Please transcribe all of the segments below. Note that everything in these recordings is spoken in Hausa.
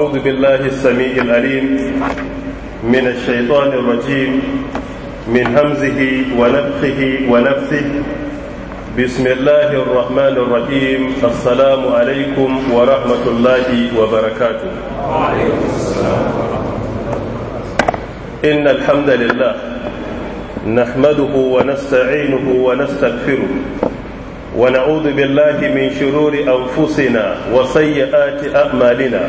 أعوذ بالله السميع العليم من الشيطان الرجيم من همزه ونفخه ونفثه بسم الله الرحمن الرحيم السلام عليكم ورحمة الله وبركاته وعليكم السلام إن الحمد لله نحمده ونستعينه ونستغفره ونعوذ بالله من شرور أنفسنا وسيئات أعمالنا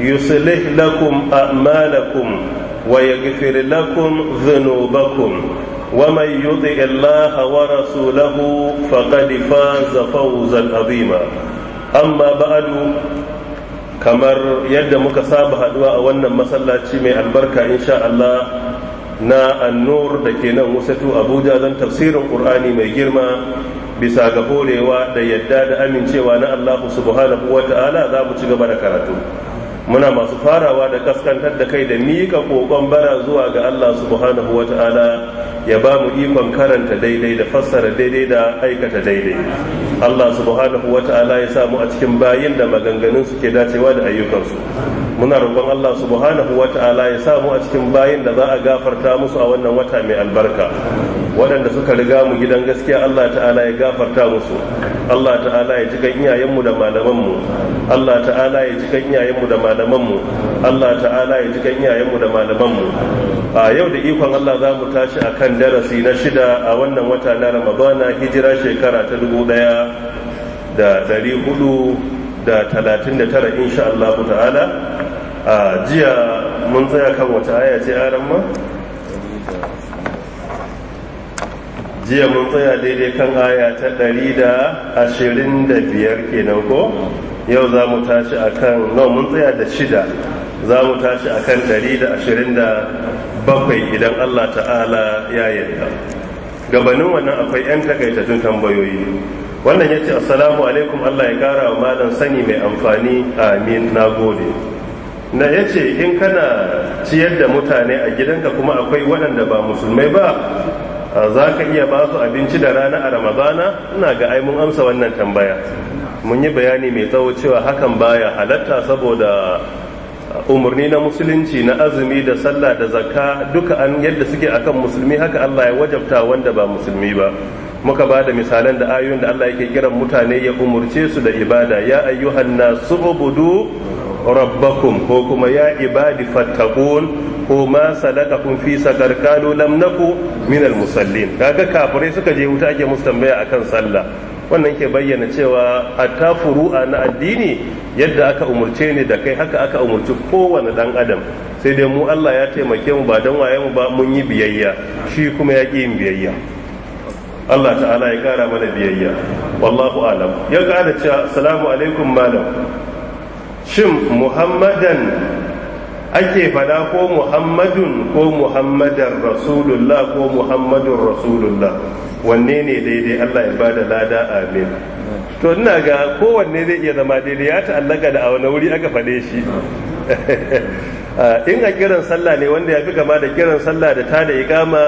يصلح لكم أعمالكم ويغفر لكم ذنوبكم ومن يطع الله ورسوله فقد فاز فوزا عظيما أما بعد kamar yadda muka saba haduwa a wannan masallaci mai albarka insha Allah na annur da ke nan wasatu abuja don tafsirin ƙur'ani mai girma bisa ga horewa da yadda da amincewa na allahu subhanahu wa ta'ala za mu ci gaba da karatu muna masu farawa da kaskantar da kai da miƙa kokon bara zuwa ga Allah subhanahu wa ta'ala ya ba mu ikon karanta daidai da fassara daidai da aikata daidai Allah subhanahu ta'ala ya samu a cikin bayin da maganganun suke dacewa da ayyukansu muna roƙon Allah subhanahu ta'ala ya samu a cikin bayin da za a gafarta musu a wannan wata mai albarka waɗanda suka riga mu gidan gaskiya Allah ta'ala ya gafarta musu Allah ta'ala ya jikan iyayenmu da malamanmu Allah ta'ala ya jikan iyayenmu da malamanmu Allah ta'ala ya jikan iyayenmu da malamanmu a yau da ikon Allah za mu tashi akan darasi na shida a wannan wata na Ramadana hijira shekara ta dubu ɗaya da ɗari hudu da talatin da tara insha Allah ta'ala a jiya mun tsaya kan wata aya ce aran ma? jiya mun tsaya daidai kan aya ta ɗari da ashirin da biyar kenan ko yau za mu tashi a kan mun tsaya da shida za mu tashi a kan ɗari da ashirin da bakwai idan Allah ta'ala ya yadda. gabanin wannan akwai 'yan takaitattun tambayoyi wannan ya ce assalamu alaikum allah ya kara wa malam sani mai amfani amin na gode na ya ce in kana ciyar da mutane a gidanka kuma akwai waɗanda ba musulmai ba za ka iya ba su abinci da rana a ramadana ina ga ai mun amsa wannan tambaya mun yi bayani mai tsawo cewa hakan baya halatta saboda umarni na musulunci na azumi da sallah da zakka duka an yadda suke akan musulmi haka allah ya wajabta wanda ba musulmi ba muka ba da misalan da ayoyin da Allah yake kiran mutane ya umurce su da ibada ya ayyuhan nasu ubudu rabbakum ko kuma ya ibadi fattakun ko ma kun fi sakar kalu lam naku min al musallin kaga kafirai suka je wuta ake musu tambaya akan sallah wannan ke bayyana cewa hatta a na addini yadda aka umurce ne da kai haka aka umurci kowane dan adam sai dai mu Allah ya taimake mu ba dan waye mu ba mun yi biyayya shi kuma ya ƙi yin biyayya Allah ta'ala ya kara mana biyayya wallahu alam ya kara cewa assalamu alaikum malam shin muhammadan ake fada ko muhammadun ko muhammadan rasulullah ko muhammadun rasulullah wanne ne daidai allah ya bada lada amin to ina ga kowanne zai iya zama daidai ya ta'allaka da a wani wuri aka fade shi in a kiran sallah ne wanda ya fi kama da kiran sallah da ta da ikama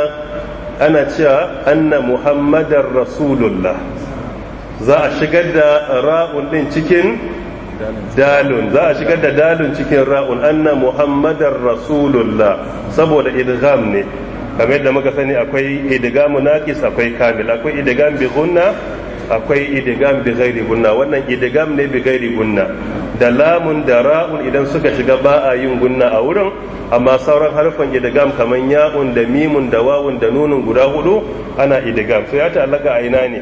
ana cewa anna muhammadar rasulullah za a shigar da ra'un din cikin dalun za a shigar da dalun cikin ra'un anna muhammadar rasulullah saboda idgham ne kamar yadda muka sani akwai idgham naqis akwai kamil akwai idgham bi gunna akwai idigam bi ghairi gunna wannan idigam ne bi ghairi gunna da lamun da ra'un idan suka shiga ba a yin gunna a wurin amma sauran harfan idigam kaman ya'un da mimun da wawun da nunun guda hudu ana idigam so ya alaka a ina ne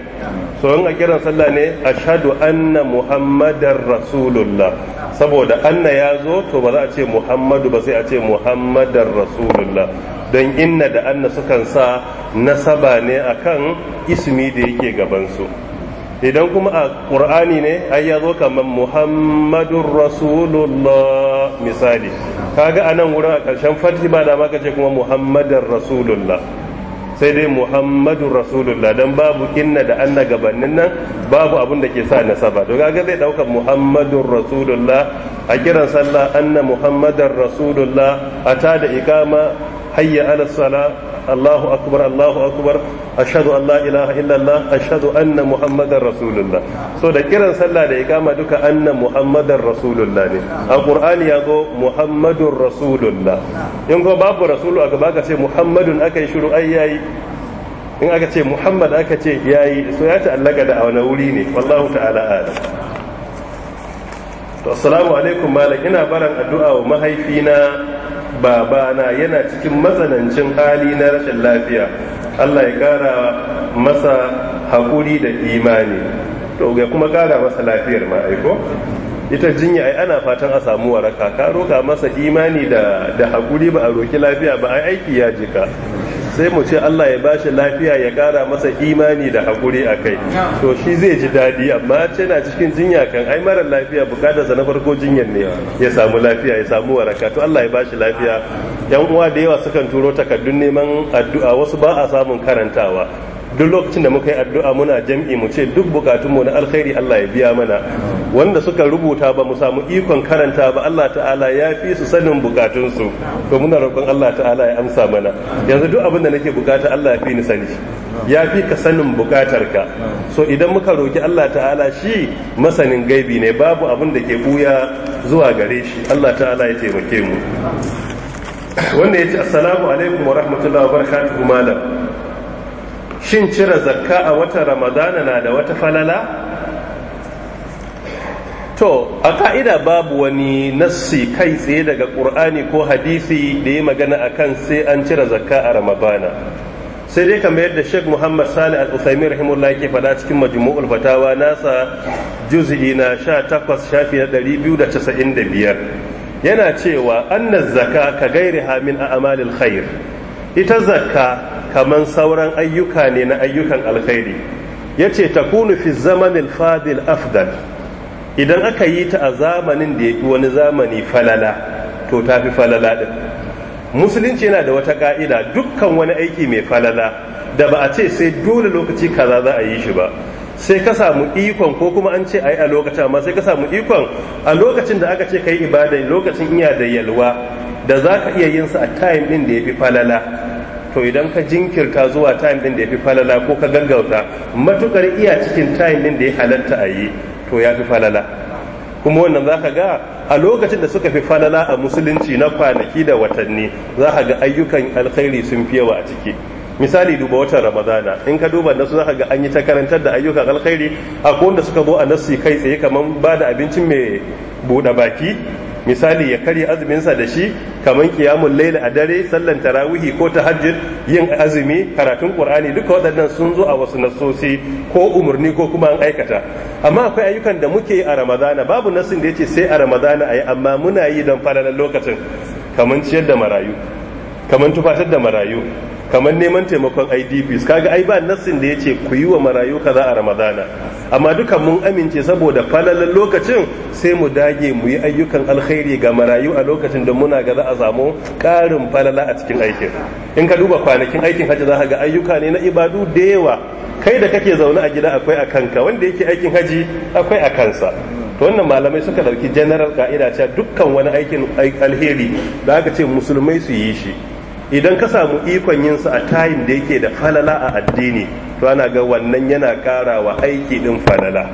so in a kiran sallah ne ashhadu anna muhammadar rasulullah saboda anna ya zo to ba za a ce muhammadu ba sai a ce muhammadar rasulullah don inna da anna sukan sa nasaba ne akan ismi da yake gabansu idan kuma a ƙur'ani ne ai ya zo kamar muhammadun rasulullah misali kaga a nan wurin a ƙarshen fatih ba da maka ce kuma muhammadun rasulullah sai dai muhammadun rasulullah don babu inna da anna gabanin nan babu abin da ke sa nasaba to kaga zai ɗaukar muhammadun rasulullah a kiran sallah anna muhammadun rasulullah a ta da ikama hayya ala sala Allahu akbar Allahu akbar ashhadu an la ilaha illallah ashhadu anna muhammadar rasulullah so da kiran sallah da iqama duka anna muhammadar rasulullah ne a qur'ani ya zo muhammadur rasulullah in ko babu rasulu a gaba ka ce muhammadun akai shiru ai yayi in aka ce muhammad aka ce yayi so ya ta ta'allaka da a wani wuri ne wallahu ta'ala alam to assalamu alaikum malam ina baran addu'a wa mahaifina babana yana cikin matsanancin hali na rashin lafiya Allah ya kara masa haƙuri da imani to ya kuma kara masa lafiyar ma'aiko ita jinya ai ana fatan a samu waraka ka roka masa imani da da hakuri ba a roki lafiya ba ai aiki ya jika sai mu ce Allah ya bashi lafiya ya kara masa imani da hakuri akai. to shi zai ji daɗi amma tana cikin jinya kan ai mara lafiya bukatarsa na farko jinyar ne ya samu lafiya ya samu waraka to Allah ya bashi lafiya yan uwa da yawa sukan turo takaddun neman addu'a wasu ba a samun karantawa duk lokacin da muka yi addu'a muna jam'i mu ce duk bukatunmu na alkhairi Allah ya biya mana wanda suka rubuta ba mu samu ikon karanta ba Allah ta'ala ya fi su sanin bukatunsu to muna roƙon Allah ta'ala ya amsa mana yanzu duk abin da nake bukata Allah ya fi ni sani ya fi ka sanin bukatarka so idan muka roki Allah ta'ala shi masanin gaibi ne babu abin da ke buya zuwa gare shi Allah ta'ala ya taimake mu wanda ya ce assalamu alaikum wa rahmatullahi wa barakatuhu malam shin cire zakka a watan ramadana na da wata falala to a ka'ida babu wani nassi kai tsaye daga ƙur'ani ko hadisi da ya magana kan sai an cire zakka a ramadana sai dai kamar yadda sheikh muhammad sani al-usaimi rahimullah ke faɗa cikin majmu'ul fatawa nasa juz'i na 18 shafi biyar. yana cewa anna zaka ka gairi hamin a amalil khair ita zakka kaman sauran ayyuka ne na ayyukan alkhairi yace kunu fi zamanil fadil afdal idan aka yi ta a zamanin da yafi wani zamani falala to tafi falala din musulunci yana da wata ƙa'ida dukkan wani aiki mai falala da ba a ce sai dole lokaci kaza za a yi shi ba sai ka samu ikon ko kuma an ce a yi a lokacin amma sai ka samu ikon a lokacin da aka ce ka yi ibada lokacin iya da yalwa da za ka iya yin su a time ɗin da ya fi falala to idan ka jinkirka zuwa time ɗin da ya fi falala ko ka gaggauta matukar iya cikin time ɗin da ya halatta a yi to ya fi falala kuma wannan za ka ga a lokacin da suka fi falala a musulunci na kwanaki da watanni za ka ga ayyukan alkhairi sun fi yawa a ciki misali duba watan ramadana in ka duba nasu za ka ga an yi ta karantar da ayyukan alkhairi a kowanda suka zo a nasu kai tsaye kamar ba da abincin mai buɗe baki misali ya karya azuminsa da shi kamar kiyamun laila a dare sallan tarawihi ko tahajjud yin azumi karatun qur'ani duka waɗannan sun zo a wasu nasosi ko umarni ko kuma an aikata amma akwai ayyukan da muke a ramadana babu nasin da yace sai a ramadana ayi amma muna yi don falalan lokacin kamar ciyar da marayu kamar tufatar da marayu kamar neman taimakon idps kaga ai ba nassin da ya ce ku yi wa marayu kaza a ramadana amma duka mun amince saboda falalan lokacin sai mu dage mu yi ayyukan alkhairi ga marayu a lokacin da muna ga za a samu karin falala a cikin aikin in ka duba kwanakin aikin hajji za ka ga ayyuka ne na ibadu da yawa kai da kake zaune a gida akwai a kanka wanda yake aikin haji akwai a kansa to wannan malamai suka dauki general ka'ida cewa dukkan wani aikin alheri da aka ce musulmai su yi shi idan ka samu ikon yin su a tayin da yake da falala a addini to ana ga wannan yana ƙara wa aiki din falala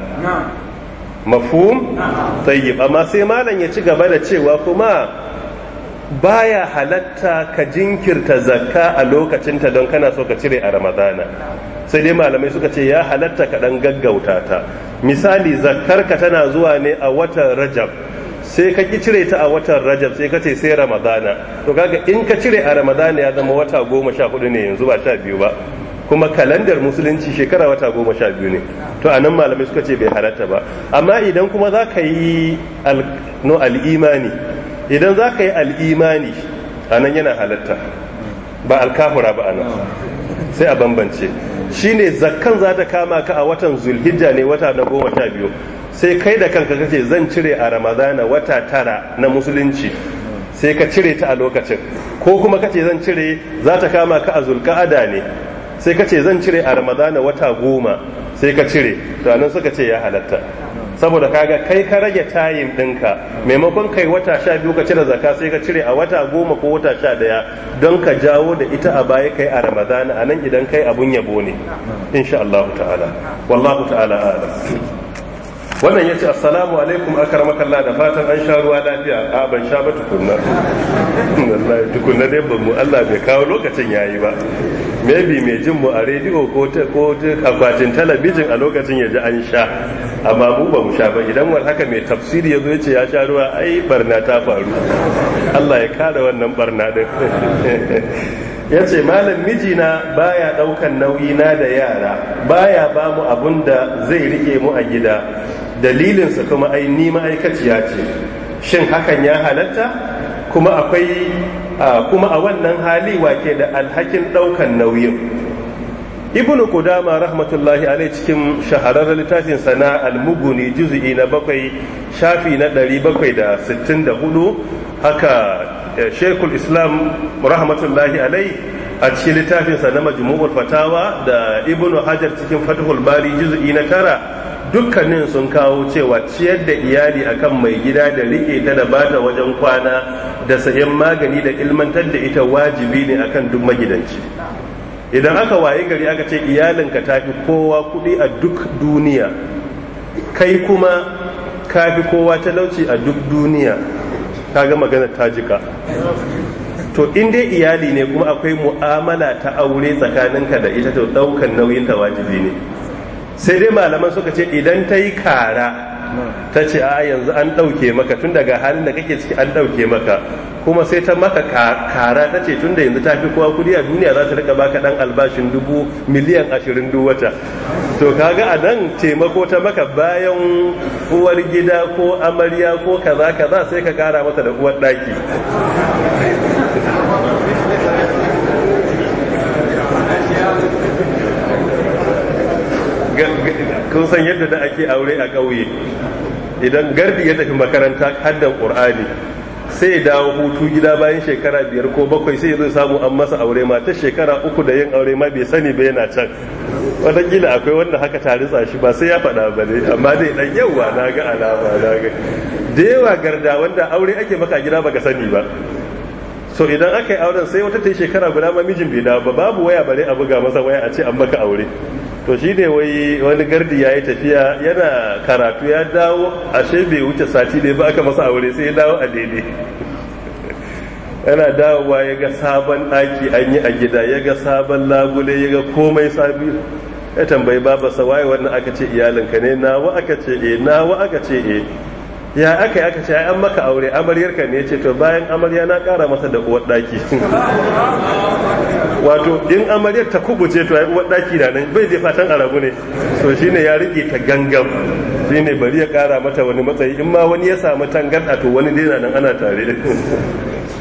mafhum tayyib amma sai malam ya ci gaba da cewa kuma baya halatta ka jinkirta zakka a lokacinta don kana so ka cire a ramadana sai dai malamai suka ce ya halatta ka dan gaggauta ta misali zakkar ka tana zuwa ne a watan rajab sai ka ki cire ta a watan rajab sai ka ce sai ramadana to kaga in ka cire a ramadana ya zama wata goma sha hudu ne yanzu ba sha biyu ba kuma kalandar musulunci shekara wata goma sha biyu ne to anan malamai suka ce bai halatta ba amma idan kuma za ka yi al'imani idan za ka yi al'imani anan yana halatta ba alkahura ba anan sai a bambance shi ne zakkan za ta kama ka a watan zulhijja ne wata na goma sha biyu sai kai da kanka kake zan cire a ramadana wata tara na musulunci sai ka cire ta a lokacin ko kuma kace zan cire za ta kama ka a zulka'ada ne sai kace zan cire a ramadana wata goma sai ka cire to nan suka ce ya halatta saboda kaga kai ka rage tayin ɗinka maimakon kai wata sha biyu ka cire zaka sai ka cire a wata goma ko wata sha ɗaya don ka jawo da ita a baya kai a ramadana a nan idan kai abun yabo ne insha Allah ta'ala wallahu ta'ala alam wannan ya ce assalamu alaikum akar makalla da fatan an sha ruwa lafiya a ban sha ba tukunna tukunna dai ban mu Allah bai kawo lokacin yayi ba maybe mai jin mu a rediyo ko akwatin talabijin a lokacin ya ji an sha amma mu ba mu sha ba idan wani haka mai tafsiri ya zo ya ce ya sha ruwa ai barna ta faru Allah ya kada wannan barna din ya ce malam mijina baya daukan nauyi na da yara baya ba mu abun da zai rike mu a gida dalilinsa kuma ai ni ma'aikaciya ce shin hakan ya halatta kuma akwai kuma a wannan hali wake da alhakin ɗaukan nauyin ibnu kudama rahmatullahi alai cikin shahararra littafin sana almuguni juzu'i na bakwai shafi na 764 haka eh, shekul islam rahmatullahi alai a cikin littafinsa na majmu'ul fatawa da ibnu hajar cikin fathul bari juzu'i na tara dukkanin sun kawo cewa ciyar da iyali akan mai gida da rike ta da bata wajen kwana da sayan magani da ilmantar da ita wajibi ne akan duk magidanci idan aka waye gari aka ce iyalinka ta fi kowa kuɗi a duk duniya kai kuma ka fi kowa talauci a duk duniya ka ga magana ta jika to in dai iyali ne kuma akwai mu'amala ta aure tsakaninka da ita to ɗaukan nauyin ta wajibi ne sai dai malaman suka ce idan ta yi kara ta ce a yanzu an ɗauke maka tun daga halin da kake ciki an ɗauke maka kuma sai ta maka kara ta ce tun da yanzu ta fi kowa kudi a duniya za ta rika baka ɗan albashin dubu miliyan ashirin duwata wata to kaga a nan taimako ta maka bayan uwar gida ko amarya ko kaza kaza sai ka kara mata da uwar ɗaki kun san yadda da ake aure a ƙauye idan gardi ya tafi makaranta haddan ƙur'ani sai ya dawo hutu gida bayan shekara biyar ko bakwai sai zai samu an masa aure ma ta shekara uku da yin aure ma bai sani ba yana can watakila akwai wanda haka taritsa shi ba sai ya faɗa ba ne amma dai dan yawa na ga alama na ga da yawa garda wanda aure ake maka gida baka sani ba so idan aka yi auren sai wata ta yi shekara guda ma mijin bai dawo ba babu waya bare a buga masa waya a ce an baka aure to shi ne wai wani gardi ya yi tafiya yana karatu ya dawo ashe bai wuce sati ne ba aka masa aure sai ya dawo a daidai yana dawowa ya ga sabon ɗaki an yi a gida ya ga sabon labule ya ga komai sabi ya tambayi babarsa waye wannan aka ce iyalinka ne nawa aka ce e nawa aka ce e ya aka aka ce an maka aure amaryarka ne ce to bayan amarya na kara masa da uwar daki wato in amaryar ta kubuce to ai uwar daki da nan bai je fatan arabu ne to shine ya rike ta gangam shine bari ya kara mata wani matsayi in ma wani ya samu tangarda to wani dai nan ana tare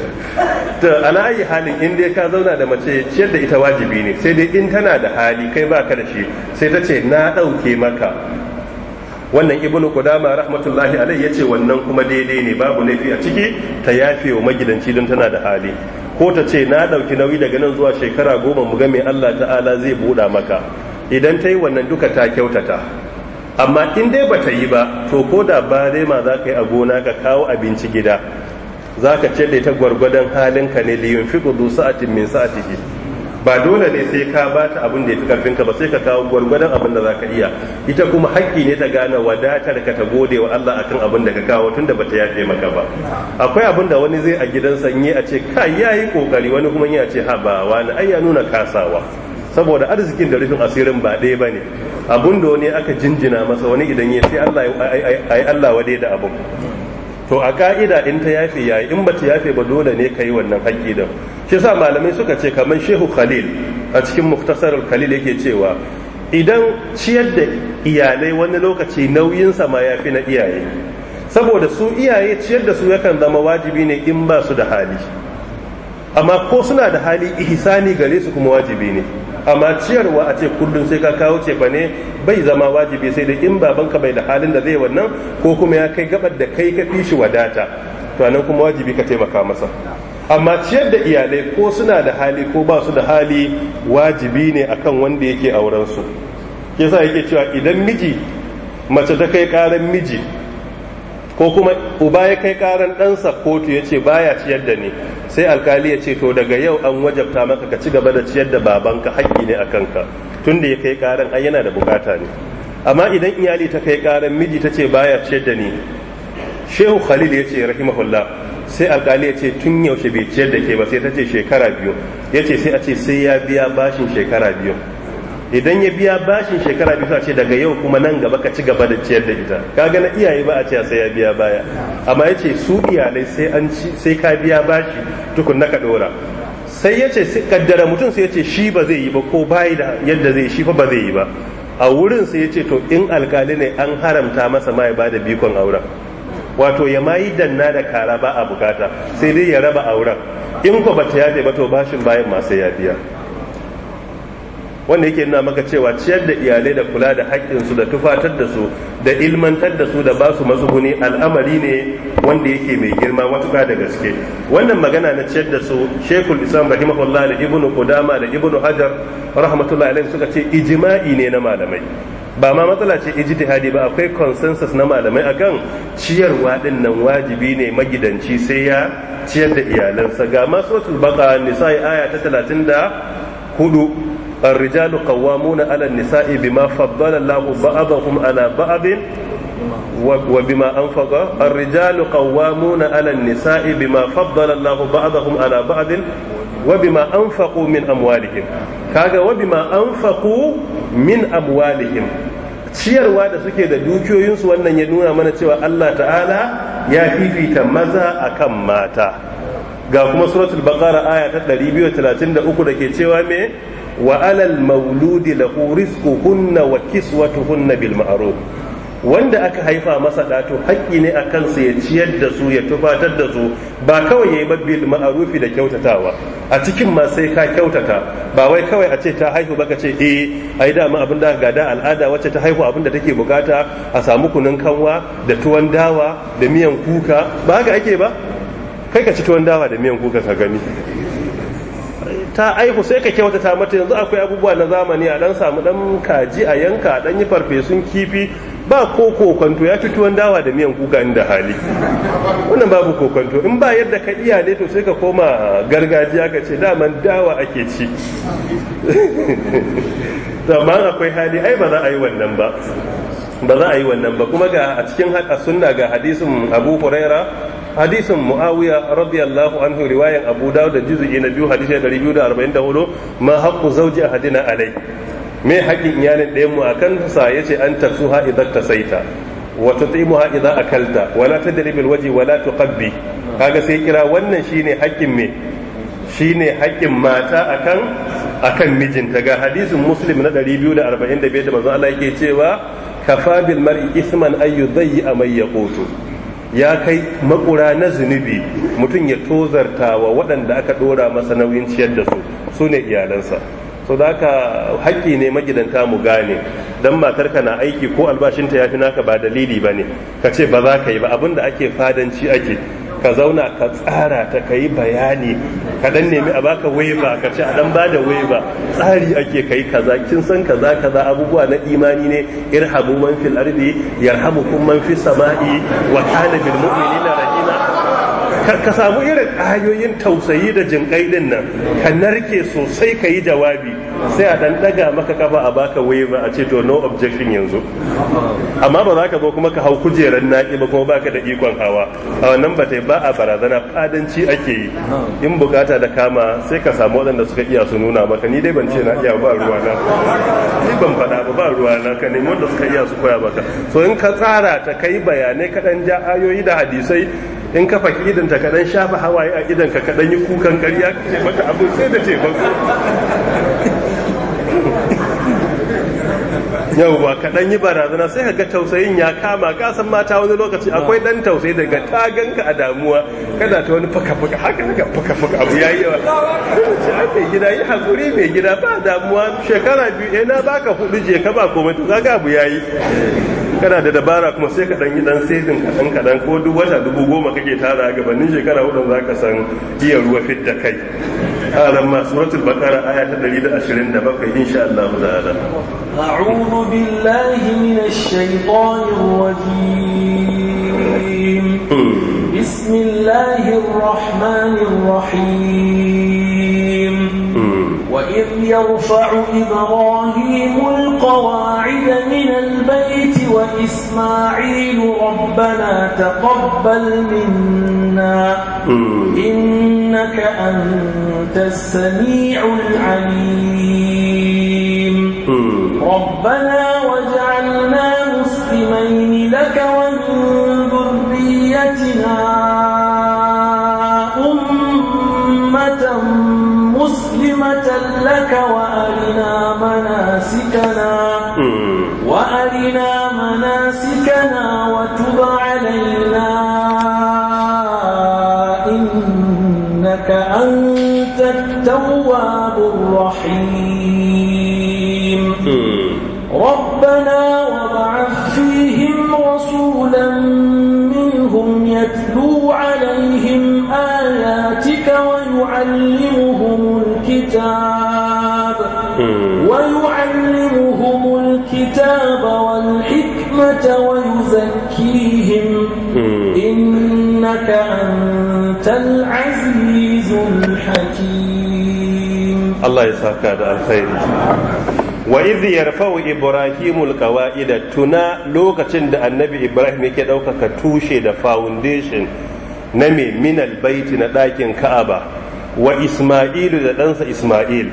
to ala ayi halin in dai ka zauna da mace ciyar da ita wajibi ne sai dai in tana da hali kai baka da shi sai ta ce na dauke maka wannan ibnu kudama rahmatullahi alaihi yace wannan kuma daidai ne babu laifi a ciki ta yafe wa magidanci don tana da hali ko ta ce na dauki nauyi daga nan zuwa shekara goma mu ga mai Allah ta'ala zai buɗa maka idan ta yi wannan duka ta kyautata amma in dai bata yi ba to ko da ba dai ma za ka yi a gona ka kawo abinci gida za ka ce da ita gwargwadon halinka ne liyun fi sa'atin min sa'atihi ba dole ne sai ka ba ta abin da ya fi karfinka ba sai ka kawo gwargwadon abin da za ka iya ita kuma haƙƙi ne ta gane wadatar ka ta gode wa Allah akan abin da ka kawo tun ba ta yafe maka ba akwai abin da wani zai a gidan yi a ce "Ka ya yi kokari wani kuma ya ce ha ba wani ai ya nuna kasawa saboda arzikin da rufin asirin ba ɗaya ba ne abin da wani aka jinjina masa wani idan ya sai Allah ya Allah wade da abu. to a ka'ida in ta yafe yayi in bata yafe ba dole ne ka yi wannan haƙƙi da, shi sa malamai suka ce kamar shehu khalil a cikin muktasarar khalil yake cewa idan ciyar da iyalai wani lokaci nauyinsa ma ya fi na iyaye saboda su iyaye ciyar da su yakan zama wajibi ne in ba su da hali amma ko suna da hali ihsani gare su kuma wajibi ne amma ciyarwa a ce kullum sai ka kawo ce ba ne bai zama wajibi sai dai in babanka bai da halin da zai wannan ko kuma ya kai gabar da kai ka fi shi wadata to anan kuma wajibi ka taimaka masa amma ciyar da iyalai ko suna da hali ko ba su da hali wajibi ne akan wanda yake auren su yasa yake cewa idan miji mace ta kai karan miji ko kuma uba ya kai karan ɗansa kotu ya ce baya ciyar da ni sai alkali ya ce to daga yau an wajabta maka ka ci gaba da ciyar da babanka haƙƙi ne a kanka tun da ya kai ƙaran ai yana da bukata ne amma idan iyali ta kai ƙaran miji ta ce baya ciyar da ni shehu khalil ya ce rahimahullah sai alkali ya ce tun yaushe bai ciyar da ke ba sai ta ce shekara biyu ya ce sai a ce sai ya biya bashin shekara biyu idan ya biya bashin shekara biyu ce daga yau kuma nan gaba ka ci gaba da ciyar da ita kaga na iyaye ba a ce sai ya biya baya amma yace su iyalai sai an ci sai ka biya bashi tukun na dora sai ya ce kaddara mutum sai yace shi ba zai yi ba ko bayi da yadda zai shi fa ba zai yi ba a wurin sai ya to in alkali ne an haramta masa ma ya bada bikon auren wato ya mayi danna da kara ba a bukata sai dai ya raba auren in ko bata yafe ba to bashin bayan ma sai ya biya wanda yake nuna maka cewa ciyar da iyalai da kula da haƙƙinsu da tufatar da su da ilmantar da su da ba su matsuguni al'amari ne wanda yake mai girma matuƙa da gaske wannan magana na ciyar da su shekul islam rahimahullah da ibnu kudama da ibnu hajar rahmatullahi alaihi suka ce ijma'i ne na malamai ba ma matsala ce ijtihadi ba akwai consensus na malamai akan ciyarwa din nan wajibi ne magidanci sai ya ciyar da iyalansa ga masu baka nisa'i aya ta 34 الرجال قوامون على النساء بما فضل الله بعضهم على بعض وبما أنفق الرجال قوامون على النساء بما فضل الله بعضهم على بعض وبما أنفقوا من أموالهم كاغا وبما أنفقوا من أموالهم ciyarwa da suke da dukiyoyinsu wannan ya nuna mana cewa Allah ta'ala ya fifita maza akan mata ga kuma suratul baqara aya ta 233 da ke cewa me wa alal mauludi lahu rizquhunna wa bil ma'ruf wanda aka haifa masa ɗato haƙƙi ne a kansa ya ciyar da su ya tufatar da su ba kawai ya yi babbil ma'arufi da kyautatawa a cikin ma sai ka kyautata ba wai kawai a ce ta haihu baka ce eh ai dama abin da gada al'ada wacce ta haihu abin da take bukata a samu kunun kanwa da tuwon dawa da miyan kuka ba haka ake ba kai ka ci tuwon dawa da miyan kuka ka gani ta aihu sai ka ta mata yanzu akwai abubuwa na zamani a dan samu dan kaji a yanka a dan yi farfesun kifi ba ko kokonto ya fi tuwon dawa da miyan kuka da hali wannan babu kokonto in ba yadda ka iya ne to sai ka koma gargajiya ka ce daman dawa ake ci amma akwai hali ai ba za a yi wannan ba ba za a yi wannan ba kuma ga a cikin sunna ga hadisin abu huraira hadisin muawiya radiyallahu anhu riwayan abu dawud da juz'i na biyu hadisi 244 ma haqqu zawji ahadina alai me haƙin iyalin ɗayan mu akan sa yace an tarsuha idan tasaita wa tut'imuha idan akalta wala bil alwaji wala tuqabbi kaga sai kira wannan shine haƙin me shine haƙƙin mata akan akan mijinta ga hadisin muslim na 245 da manzon Allah yake cewa kafa bil mar'i isman ay yudayyi amay yaqutu ya kai makura na zunubi mutum ya tozarta wa waɗanda aka ɗora masa nauyin ciyar da su su ne iyalansa so da haka haƙƙi ne magidanta mu gane don matarka na aiki ko albashinta ya fi naka ba dalili ba ne ka ce ba za ka yi ba abun da ake fadanci ake ka zauna ka tsara ta ka yi bayani ka dan nemi a baka waiva ka ce a dan ba da waiva tsari ake kai kaza kin san kaza kaza abubuwa na imani ne irhamu man fil ardi yarhamukum man fis sama'i wa kana bil mu'minina ka samu irin ayoyin tausayi da jin din nan ka narke sosai ka yi jawabi sai a ɗanɗaga ɗaga maka kafa a baka ba a ce to no objection yanzu amma ba za ka zo kuma ka hau kujerar naƙi ba kuma baka da ikon hawa a wannan ba ta ba a barazana fadanci ake yi in bukata da kama sai ka samu waɗanda suka iya su nuna maka ni dai ban ce na iya ba ruwa na ni ban faɗa ba ba ruwa na ka nemi wanda suka iya su koya maka so in ka tsara ta kai bayanai kaɗan ja ayoyi da hadisai in ka faki idanta ta kaɗan shafa hawaye a idanka ka kaɗan yi kukan ƙarya ka ce mata abin sai da taimako yau ba kaɗan yi barazana sai ka ga tausayin ya kama kasan mata wani lokaci akwai ɗan tausayi daga taganka ganka a damuwa kada ta wani faka-faka haka haka faka-faka abu ya yi yawa mai gida yi hakuri mai gida ba damuwa shekara biyu eh, na baka hudu je ka ba komai to kaga abu ya yi kana da dabara kuma sai kaɗan dan yi dan saving kadan kadan ko duk wata dubu goma kake tara a gabanin shekara hudun zaka san iya ruwa fidda kai aran ma suratul baqara aya ta 127 insha Allah ta'ala a'udhu billahi minash shaitanir rajim hmm. bismillahir rahmanir rahim وإذ يرفع إبراهيم القواعد من البيت وإسماعيل ربنا تقبل منا إنك أنت السميع العليم ربنا وجعلنا مسلمين لك ومن ذريتنا أمة مسلمة لك وأرنا مناسكنا وأرنا ربنا وتب علينا إنك أنت التواب الرحيم ربنا وابعث فيهم رسولا منهم يتلو عليهم آياتك ويعلمهم الكتاب Allah ya saka da alkhairi wa idh yarfa'u ibrahimu alqawa'ida tuna lokacin da annabi ibrahim yake ɗaukaka tushe da foundation na mai minal baiti na ɗakin ka'aba wa isma'ilu da ɗansa isma'il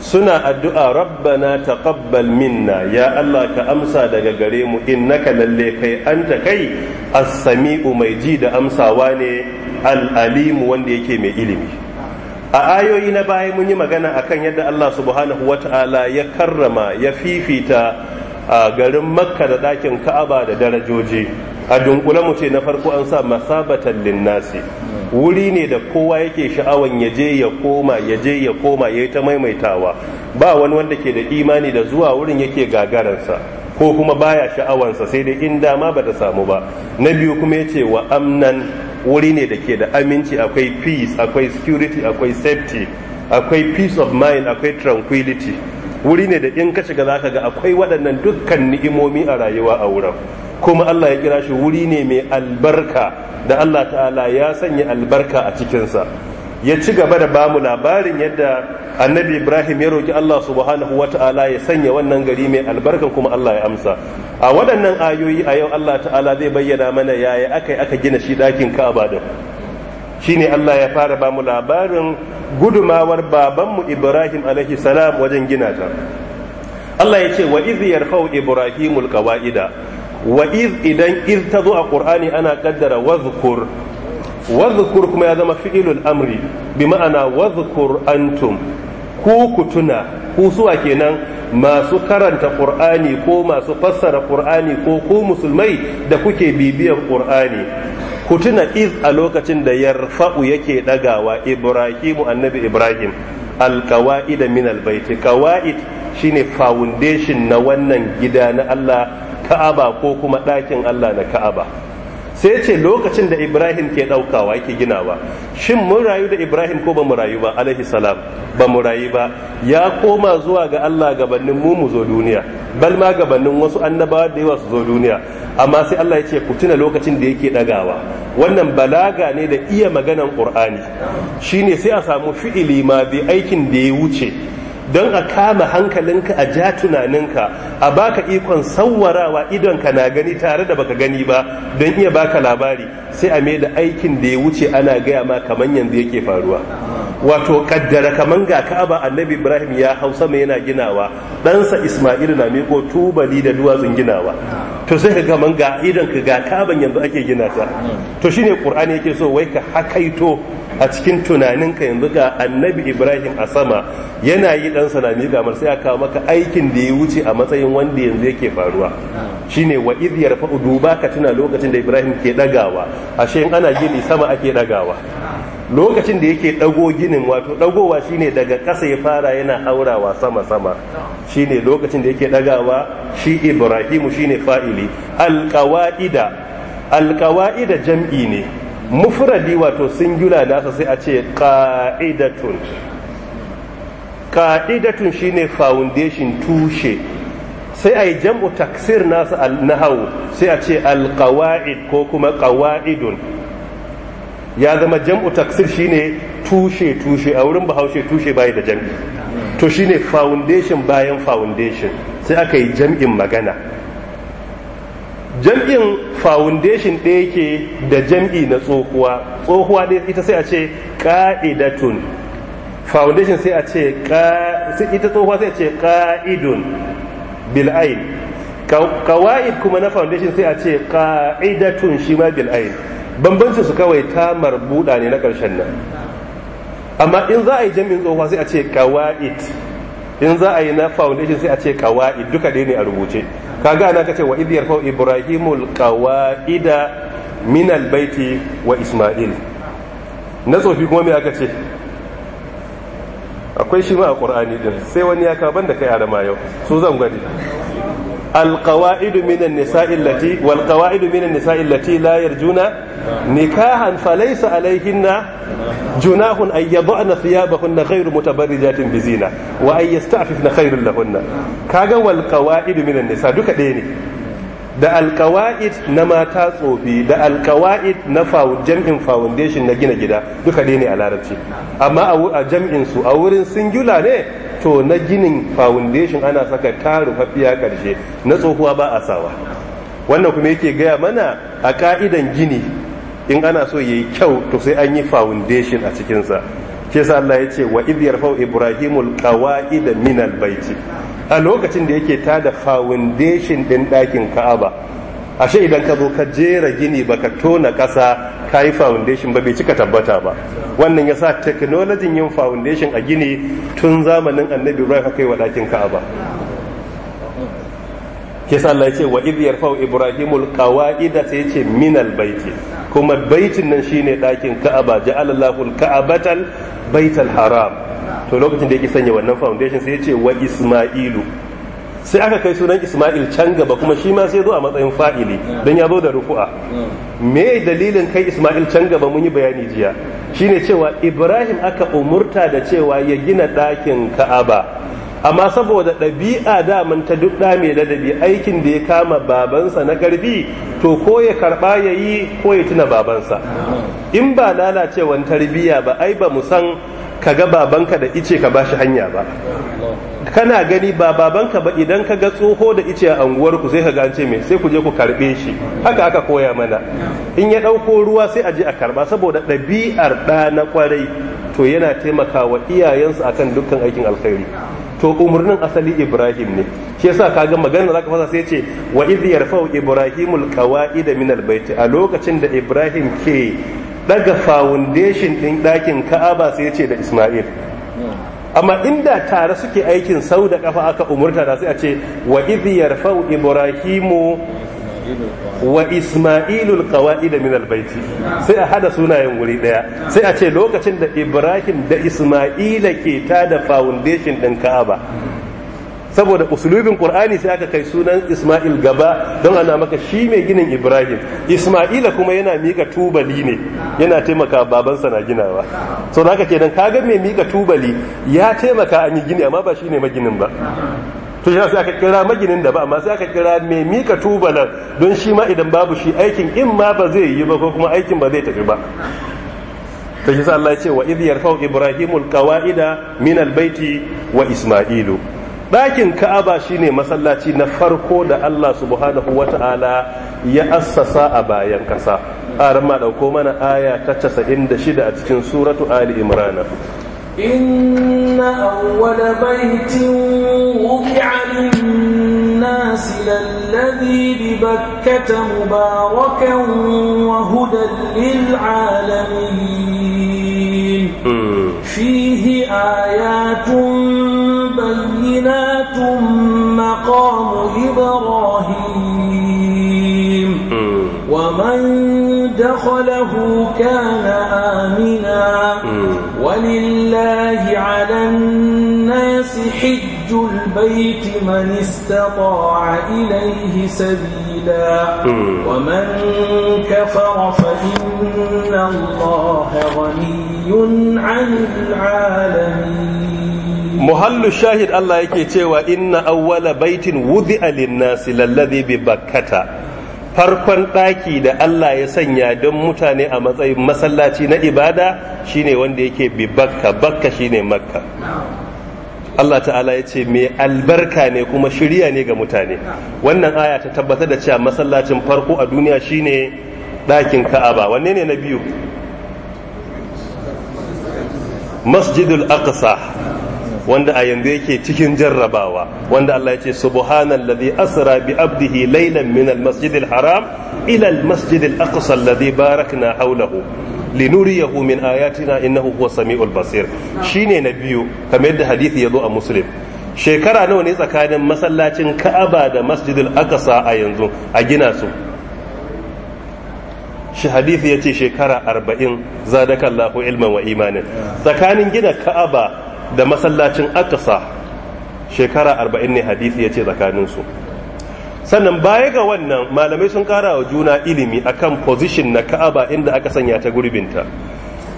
suna addu'a rabbana taqabbal minna ya Allah ka amsa daga gare mu innaka lalle kai anta kai as-sami'u mai ji da amsawa ne al alim wanda yake mai ilimi a ayoyi na baya mun yi magana akan yadda Allah subhanahu ta'ala ya karrama ya fifita a garin makka da ɗakin ka'aba da darajoji a dunkule mu ce na farko an sa masabatan linnasi wuri ne da kowa yake sha'awan ya je ya koma ya je ya koma ya yi ta maimaitawa ba wani wanda ke da imani da zuwa wurin yake gagaransa ko kuma baya sha'awansa sai dai in dama ba ta samu ba na biyu kuma ya ce wa amnan wuri ne da ke da aminci akwai peace akwai security akwai safety akwai peace of mind akwai tranquility wuri ne da in ka shiga zaka ga akwai waɗannan dukkan ni'imomi a rayuwa a wurin kuma Allah ya kira shi wuri ne mai albarka da Allah ta'ala ya sanya albarka a cikinsa ya ci gaba da bamu labarin yadda annabi ibrahim ya roki allah subhanahu wa ta'ala ya sanya wannan gari mai albarka kuma allah ya amsa a waɗannan ayoyi a yau allah ta'ala zai bayyana mana yaya aka aka gina shi ɗakin ka'aba din shine allah ya fara bamu labarin gudumawar babanmu ibrahim alaihi salam wajen gina ta allah ya ce wa iz yarfau ibrahimul qawaida wa iz idan iz tazo a qur'ani ana kaddara wazkur wadhkur kuma ya zama fi'ilul amri bi ma'ana wadhkur antum ku ku tuna ku suwa kenan masu karanta qur'ani ko masu fassara qur'ani ko ku musulmai da kuke bibiyar qur'ani ku tuna iz a lokacin da yarfa'u yake dagawa ibrahimu annabi ibrahim alkawa'ida min albaiti qawaid shine foundation na wannan gida na Allah ka'aba ko kuma ɗakin Allah na ka'aba sai ce lokacin da ibrahim ke daukawa yake ginawa shin mun rayu da ibrahim ko ba mu rayu ba alaihi salam ba mu rayu ba ya koma zuwa ga allah gabanin mu mu zo duniya bal ma gabanin wasu annabawa da yawa su zo duniya amma sai allah ya ce ku tuna lokacin da yake dagawa wannan balaga ne da iya maganan qur'ani shine sai a samu fi'ili ma bi aikin da ya wuce don a kama hankalinka a ja tunaninka a baka ikon sauwarawa idonka na gani tare da baka gani ba don iya baka labari sai a mai da aikin da ya wuce ana gaya ma kaman yanzu yake faruwa wato kaddara kaman ga ka'aba annabi ibrahim ya hau sama yana ginawa ɗansa isma'il na miko tubali da duwatsun ginawa to sai ka kaman ga idonka ga ka'aban yanzu ake gina ta to shine ƙur'ani yake so wai ka hakaito a cikin tunaninka yanzu ga annabi ibrahim a sama yana yi dan salami gamar sai aka maka aikin da ya wuce a matsayin wanda yanzu yake faruwa shine wa idh yarfa'u duba ka tuna lokacin da ibrahim ke dagawa ashe shi ana gini sama ake dagawa lokacin da yake ɗago ginin wato dagowa shine daga ƙasa ya fara yana haurawa sama sama shine lokacin da yake ɗagawa shi ibrahimu shine fa'ili alƙawa'ida jam'i ne mufradi wato singular nasa sai a ce ka'idatun ka'idatun shine foundation tushe sai a jam'u taksir nasa al-nahawu sai a ce alkawa'id ko kuma kawa'idun ya zama jam'u taksir shine tushe tushe a wurin bahaushe tushe bayi da jam'i to shine foundation bayan foundation sai aka yi jam'in magana jam'in foundation ɗaya yake da jam'i na tsohuwa tsohuwa ɗaya ita sai a ce ƙa'idatun foundation sai a ce ita tsohuwa sai a ce ƙa'idun bil'ain kawa'id kuma na foundation sai a ce ƙa'idatun shi ma bil'ain bambancin su kawai ta marbuɗa ne na ƙarshen nan amma in za a yi jam'in tsohuwa sai a ce kawa'id in za a yi na foundation sai a ce kawai duka dai ne a rubuce kaga ana kace wa idiyar fa ibrahimul qawaida min albayti wa isma'il na tsofi kuma me aka ce akwai shi ma a qur'ani din sai wani ya ka banda kai arama yau su zan gwadi القواعد من النساء التي والقواعد من النساء التي لا يرجون نكاحا فليس عليهن جناح أن يضعن ثيابهن غير متبرجات بزينة وأن يستعففن خير لهن كاغا والقواعد من النساء دوكا ديني da alkawa'id na mata tsofi da alkawa'id na jam'in foundation na gina gida duka dai ne a larabci amma a jam'in su a wurin singular ne to na ginin foundation ana saka taru hafiya karshe na tsohuwa ba a sawa wannan kuma yake gaya mana a ka'idan gini in ana so yayi kyau to sai an yi foundation a cikinsa ke sa Allah ya ce wa idh yarfau ibrahimul qawa'id minal baiti a lokacin da yake ta da foundation ɗin ɗakin ka'aba ashe idan ka zo ka jera gini baka tona ƙasa ka yi foundation ba bai cika tabbata ba wannan ya sa teknolojin yin foundation a gini tun zamanin annabi ibrahim haka yi wa ɗakin ka'aba ke Allah ya ce wa idiyar fa'u ibrahimul kawa'ida sai ya ce minal baiti kuma baitin nan shine ɗakin ka'aba ja'alallahu kaabatal baital haram to lokacin da yake sanya wannan foundation sai ya ce wa isma'ilu sai aka kai sunan isma'il can gaba kuma shi ma sai zo a matsayin fa'ili don ya zo da rufu'a me dalilin kai isma'il can gaba mun yi bayani jiya shine cewa ibrahim aka umurta da cewa ya gina ɗakin ka'aba amma saboda ɗabi'a daman ta duk ɗa mai ladabi aikin da ya kama babansa na garbi to ko ya karɓa ya yi ko ya tuna babansa in ba lalacewan tarbiyya ba ai ba mu san ka ga babanka da ice ka ba shi hanya ba kana gani ba babanka ba idan ka ga tsoho da ice a anguwarku sai ka gance mai sai ku je ku karɓe shi haka aka koya mana in ya ɗauko ruwa sai a je a karba saboda ɗabi'ar ɗa na ƙwarai to yana taimakawa iyayensu akan dukkan aikin alkhairi to umarnin asali ibrahim ne shi yasa kaga maganar zaka fasa sai ce wa idh yarfa'u ibrahimul qawaid min bait a lokacin da ibrahim ke daga foundation din dakin ka'aba sai ya ce da isma'il amma inda tare suke aikin sau da kafa aka umurta da sai a ce wa idh yarfa'u ibrahimu wa isma'ilul qawaid min albayti sai a hada sunayen wuri daya sai a ce lokacin da ibrahim da isma'ila ke ta da foundation din ka'aba saboda usulubin qur'ani sai aka kai sunan isma'il gaba don ana maka shi mai ginin ibrahim isma'ila kuma yana mika tubali ne yana taimaka babansa na ginawa so haka kenan kaga mai mika tubali ya taimaka an yi gini amma ba shine maginin ba to shi sai aka kira maginin da ba amma sai aka kira mai mika nan don shi ma idan babu shi aikin in ma ba zai yi ba ko kuma aikin ba zai tafi ba to shi Allah ce wa idh yarfa'u ibrahimul qawaida min albayti wa isma'ilu ɗakin ka'aba shine masallaci na farko da Allah subhanahu wata'ala ya assasa a bayan kasa a ma ɗauko mana aya ta 96 a cikin suratu ali imrana. إن أول بيت وضع للناس للذي ببكة مباركا وهدى للعالمين فيه آيات بينات مقام إبراهيم ومن دخله كان آمنا ولله على الناس حج البيت من استطاع إليه سبيلا ومن كفر فإن الله غني عن العالمين muhallu shahid Allah yake cewa inna awwala baitin wudi'a lin-nasi lalladhi bi bakkata farkon ɗaki da Allah ya sanya don mutane a matsayin masallaci na ibada shine wanda yake bi bakka bakka shine makka Allah ta'ala ya ce mai albarka ne kuma shirya ne ga mutane wannan aya ta tabbatar da cewa masallacin farko a duniya shine ɗakin ka'aba wanne ne na biyu masjidul aqsa wanda a yanzu yake cikin jarrabawa wanda Allah ya ce subhanallazi asra bi abdihi laylan min almasjidil haram ila almasjidil aqsa alladhi barakna hawlahu linuriyahu min ayatina innahu huwa samiul basir shine na biyu kamar yadda hadisi yazo a muslim shekara nawa ne tsakanin masallacin ka'aba da masjidil aqsa a yanzu a gina su shi hadisi ya ce shekara arba'in zadaka Allahu ilman wa imanin tsakanin gina ka'aba da masallacin akasa shekara arba'in ne hadisi ya ce tsakaninsu sannan baya ga wannan malamai sun kara wa juna ilimi akan position na ka'aba inda aka sanya ta gurbinta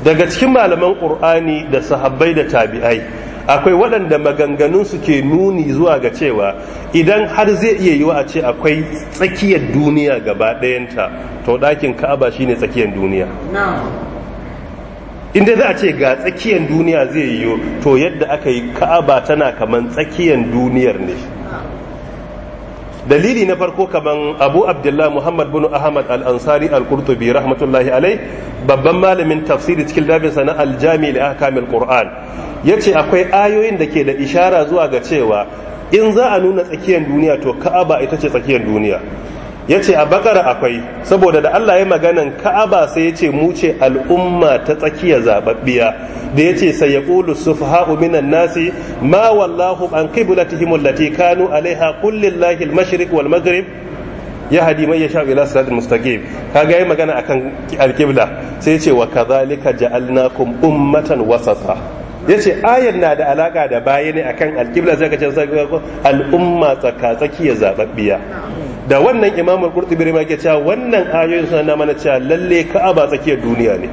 daga cikin malaman ƙur'ani da sahabbai da tabi'ai akwai waɗanda maganganun su ke nuni zuwa ga cewa idan har zai iya yiwa a ce akwai tsakiyar duniya gaba ɗayanta to ɗakin ka'aba shine tsakiyar duniya inda za a ce ga tsakiyar duniya zai yiwu to yadda aka yi ka'aba tana kaman tsakiyar duniyar ne dalili na farko kaman abu abdullah muhammad bin ahmad al-ansari al-qurtubi rahmatullahi alai babban malamin tafsiri cikin labinsa na aljami da kamil qur'an ya ce akwai ayoyin da ke da ishara zuwa ga cewa in za a nuna tsakiyar duniya to ka'aba ita ce tsakiyar duniya ya ce a bakara akwai saboda da Allah ya maganan ka'aba sai ya ce mu al'umma ta tsakiya zababbiya da ya ce sai ya ƙulu sufaha'u minan nasi ma wallahu an qiblatihim allati kanu alaiha qul lillahi al wal maghrib ya hadi mai yasha ila siratal mustaqim kaga yi magana akan alkibla sai ya ce wa kadhalika ja'alnakum ummatan wasata yace ayar na da alaka da baya ne akan al-qibla sai ka ce al'umma tsaka tsakiya zababbiya da wannan imamul qurtubi ma ke cewa wannan ayoyin suna na mana cewa lalle ka'aba tsakiyar duniya ne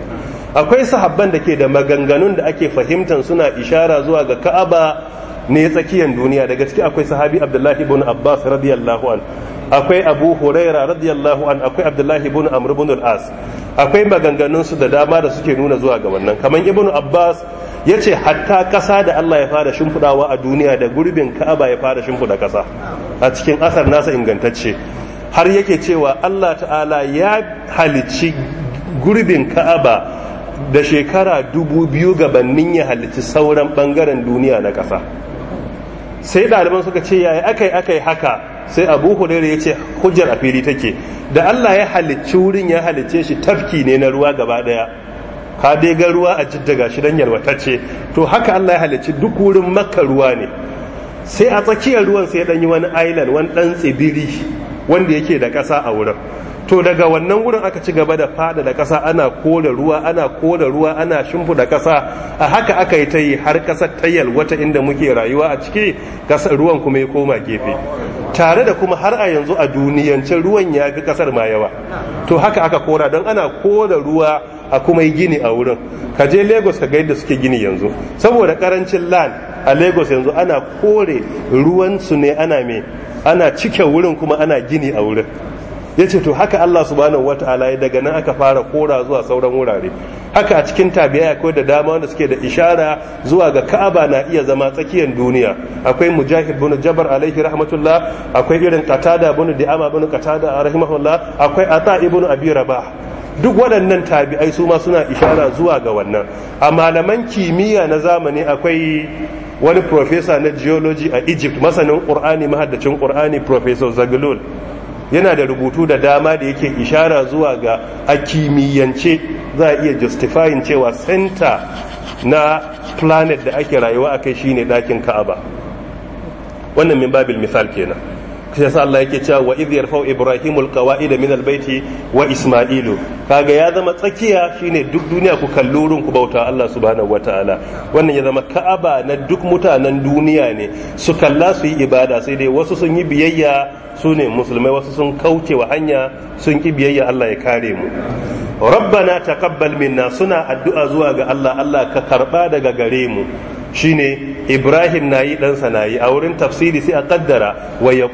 akwai sahabban da ke da maganganun da ake fahimtan suna ishara zuwa ga ka'aba ne tsakiyar duniya daga ciki akwai sahabi abdullahi ibn abbas radiyallahu an akwai abu huraira radiyallahu an akwai abdullahi ibn amr ibn al-as akwai maganganun su da dama da suke nuna zuwa ga wannan kamar ibn abbas ya ce hatta ƙasa da Allah ya fara shimfiɗawa a duniya da gurbin ka'aba ya fara shimfiɗa ƙasa a cikin asar nasa ingantacce har yake cewa Allah ta'ala ya halici gurbin ka'aba da shekara dubu biyu gabanin ya halici sauran ɓangaren duniya na ƙasa sai ɗaliban suka ce yaya akai akai haka sai abu hurairu ya ce hujjar a fili take da Allah ya halicci wurin ya halicce shi tafki ne na ruwa gaba ɗaya ka dai ga ruwa a jidda gashi dan ce to haka Allah ya halicci duk wurin makka ruwa ne sai a tsakiyar ruwan sai dan yi wani island wani dan tsibiri wanda yake da ƙasa a wurin to daga wannan wurin aka ci gaba da fada da ƙasa ana kore ruwa ana kore ruwa ana shimfiɗa ƙasa a haka aka yi ta yi har ƙasar ta yalwata inda muke rayuwa a ciki ƙasar ruwan kuma ya koma gefe tare da kuma har a yanzu a duniyance ruwan ya fi ƙasar ma yawa to haka aka kora don ana kore ruwa a kuma yi gini a wurin ka je lagos ka ga yadda suke gini yanzu saboda karancin land a lagos yanzu ana kore ruwan su ne ana me ana cike wurin kuma ana gini a wurin ya ce to haka Allah subhanahu wa ta'ala ya daga nan aka fara kora zuwa sauran wurare haka a cikin tabiya akwai da dama wanda suke da ishara zuwa ga ka'aba na iya zama tsakiyar duniya akwai mujahid bin jabar alaihi rahmatullah akwai irin qatada bin di'ama bin qatada rahimahullah akwai ata ibn abi rabah duk waɗannan tabi'ai su ma suna ishara zuwa ga wannan a malaman kimiyya na zamani akwai wani profesa na geology a egypt masanin ƙur'ani mahaddacin ƙur'ani professor zaglul yana da rubutu da dama da yake ishara zuwa ga a kimiyyance za a iya justifying cewa center na planet da ake rayuwa a kai shine ɗakin ka'aba wannan min babil misal kenan shi yasa Allah yake cewa wa idh yarfau ibrahimul qawaida min albayti wa isma'ilu kaga ya zama tsakiya shine duk duniya ku kallurin ku bauta Allah subhanahu wataala wannan ya zama ka'aba na duk mutanen duniya ne su kalla su yi ibada sai dai wasu sun yi biyayya su ne musulmai wasu sun kauce wa hanya sun ki biyayya Allah ya kare mu rabbana taqabbal minna suna addu'a zuwa ga Allah Allah ka karba daga gare mu shine ibrahim na yi ɗansa na a wurin tafsiri sai a kaddara wa ya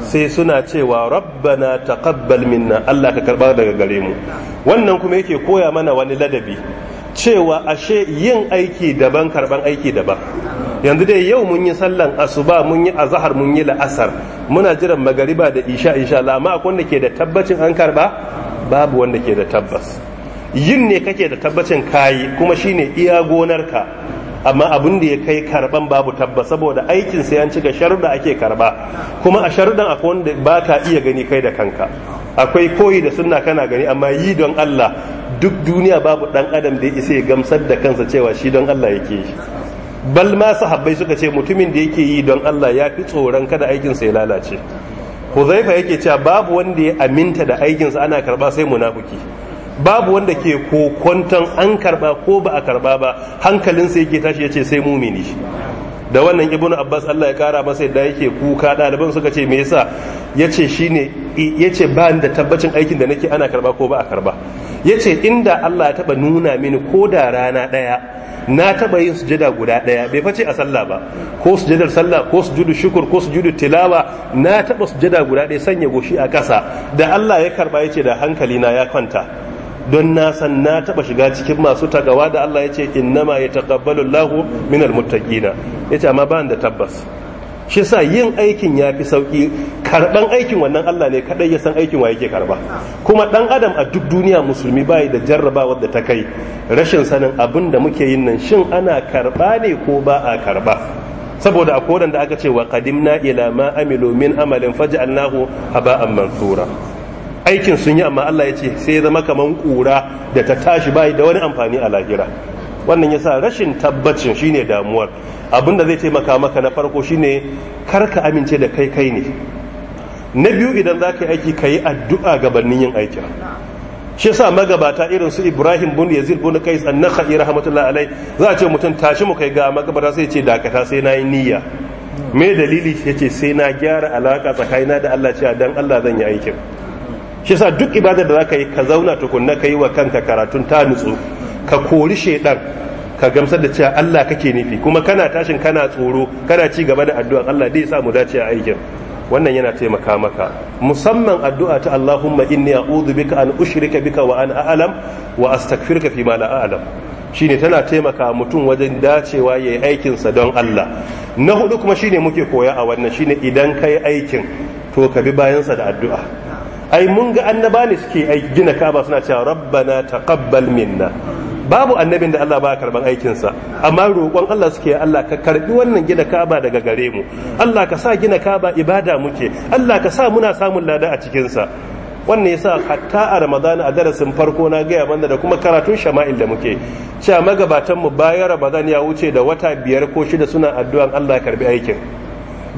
sai suna cewa rabbana taqabbal minna allah ka karɓa daga gare mu wannan kuma yake koya mana wani ladabi cewa ashe yin aiki daban karban aiki daban yanzu dai yau mun yi sallan asuba mun yi azahar mun yi la'asar muna jiran magariba da isha insha Allah amma akwai wanda ke da tabbacin an karba babu wanda ke da tabbas yin ne kake da tabbacin kayi kuma shine iya gonar ka. amma abin da ya kai karban babu tabba saboda aikin sai an cika sharuda ake karba kuma a sharudan akwai wanda ba ka iya gani kai da kanka akwai koyi da sunna kana gani amma yi don Allah duk duniya babu ɗan adam da ya isa ya gamsar da kansa cewa shi don Allah yake yi bal ma sahabbai suka ce mutumin da yake yi don Allah ya fi tsoron kada aikinsa ya lalace Huzaifa yake cewa babu wanda ya aminta da aikinsa ana karba sai munafiki babu wanda ke kokonton an karba ko ba a karba ba hankalin hankalinsa yake tashi ya ce sai mumini da wannan ibn abbas allah ya kara masa yadda yake kuka ɗaliban suka ce me yasa ya ce ne ya ce ba da tabbacin aikin da nake ana karba ko ba a karba ya ce inda allah ya taba nuna mini ko da rana ɗaya na taba yin sujada guda ɗaya bai face a sallah ba ko sujadar sallah ko sujudu shukur ko sujudu tilawa na taba sujada guda ɗaya sanya goshi a ƙasa da allah ya karba ya ce da hankali na ya kwanta don na san na taba shiga cikin masu tagawa da Allah ya ce innama ya taqabbalu Allahu minal muttaqina yace amma ba da tabbas shi sa yin aikin ya fi sauki karban aikin wannan Allah ne kadai ya san aikin wa yake karba kuma dan adam a duk duniya musulmi bai da jarrabawa da ta kai rashin sanin abin da muke yin nan shin ana karba ne ko ba a karba saboda a kodan da aka ce wa qadimna ila ma amilu min amalin faj'alnahu haba'an mansura aikin sun yi amma Allah ya ce sai zama kamar kura da ta tashi bai da wani amfani a lahira wannan sa rashin tabbacin shine damuwar abinda zai taimaka maka na farko shine karka amince da kai kai ne na biyu idan za ka yi aiki ka yi addu'a gabanin yin aikin shi sa magabata irin su ibrahim bin yazid bin kais an-nakhai rahmatullahi alai za a ce mutum tashi mu kai ga magabata sai ce dakata sai na yi niyya me dalili yace sai na gyara alaka na da Allah cewa dan Allah zan yi aikin shi yasa duk ibadar da za ka yi ka zauna tukunna ka yi wa kanka karatun ta nutsu ka kori shaidan ka gamsar da cewa Allah kake nufi kuma kana tashin kana tsoro kana ci gaba da addu'a Allah dai sa mu dace a aikin wannan yana taimaka maka musamman addu'a ta Allahumma inni a'udhu bika an ushrika bika wa an a'lam wa astaghfiruka fi la a'lam shine tana taimaka mutum wajen dacewa yayi aikin sa don Allah na hudu kuma shine muke koya a wannan shine idan kai aikin to ka bi bayansa da addu'a ai mun ga annaba ne suke gina kaba suna cewa rabbana taqabbal minna babu annabin da Allah ba karban sa amma roƙon Allah suke Allah ka karbi wannan gina kaba daga gare mu Allah ka sa gina kaba ibada muke Allah ka sa muna samun lada a cikin sa wannan yasa hatta a Ramadan a darasin farko na gaya banda da kuma karatun shama'il da muke cewa magabatan mu bayan ramadan ya wuce da wata biyar ko shida suna addu'an Allah ya karbi aikin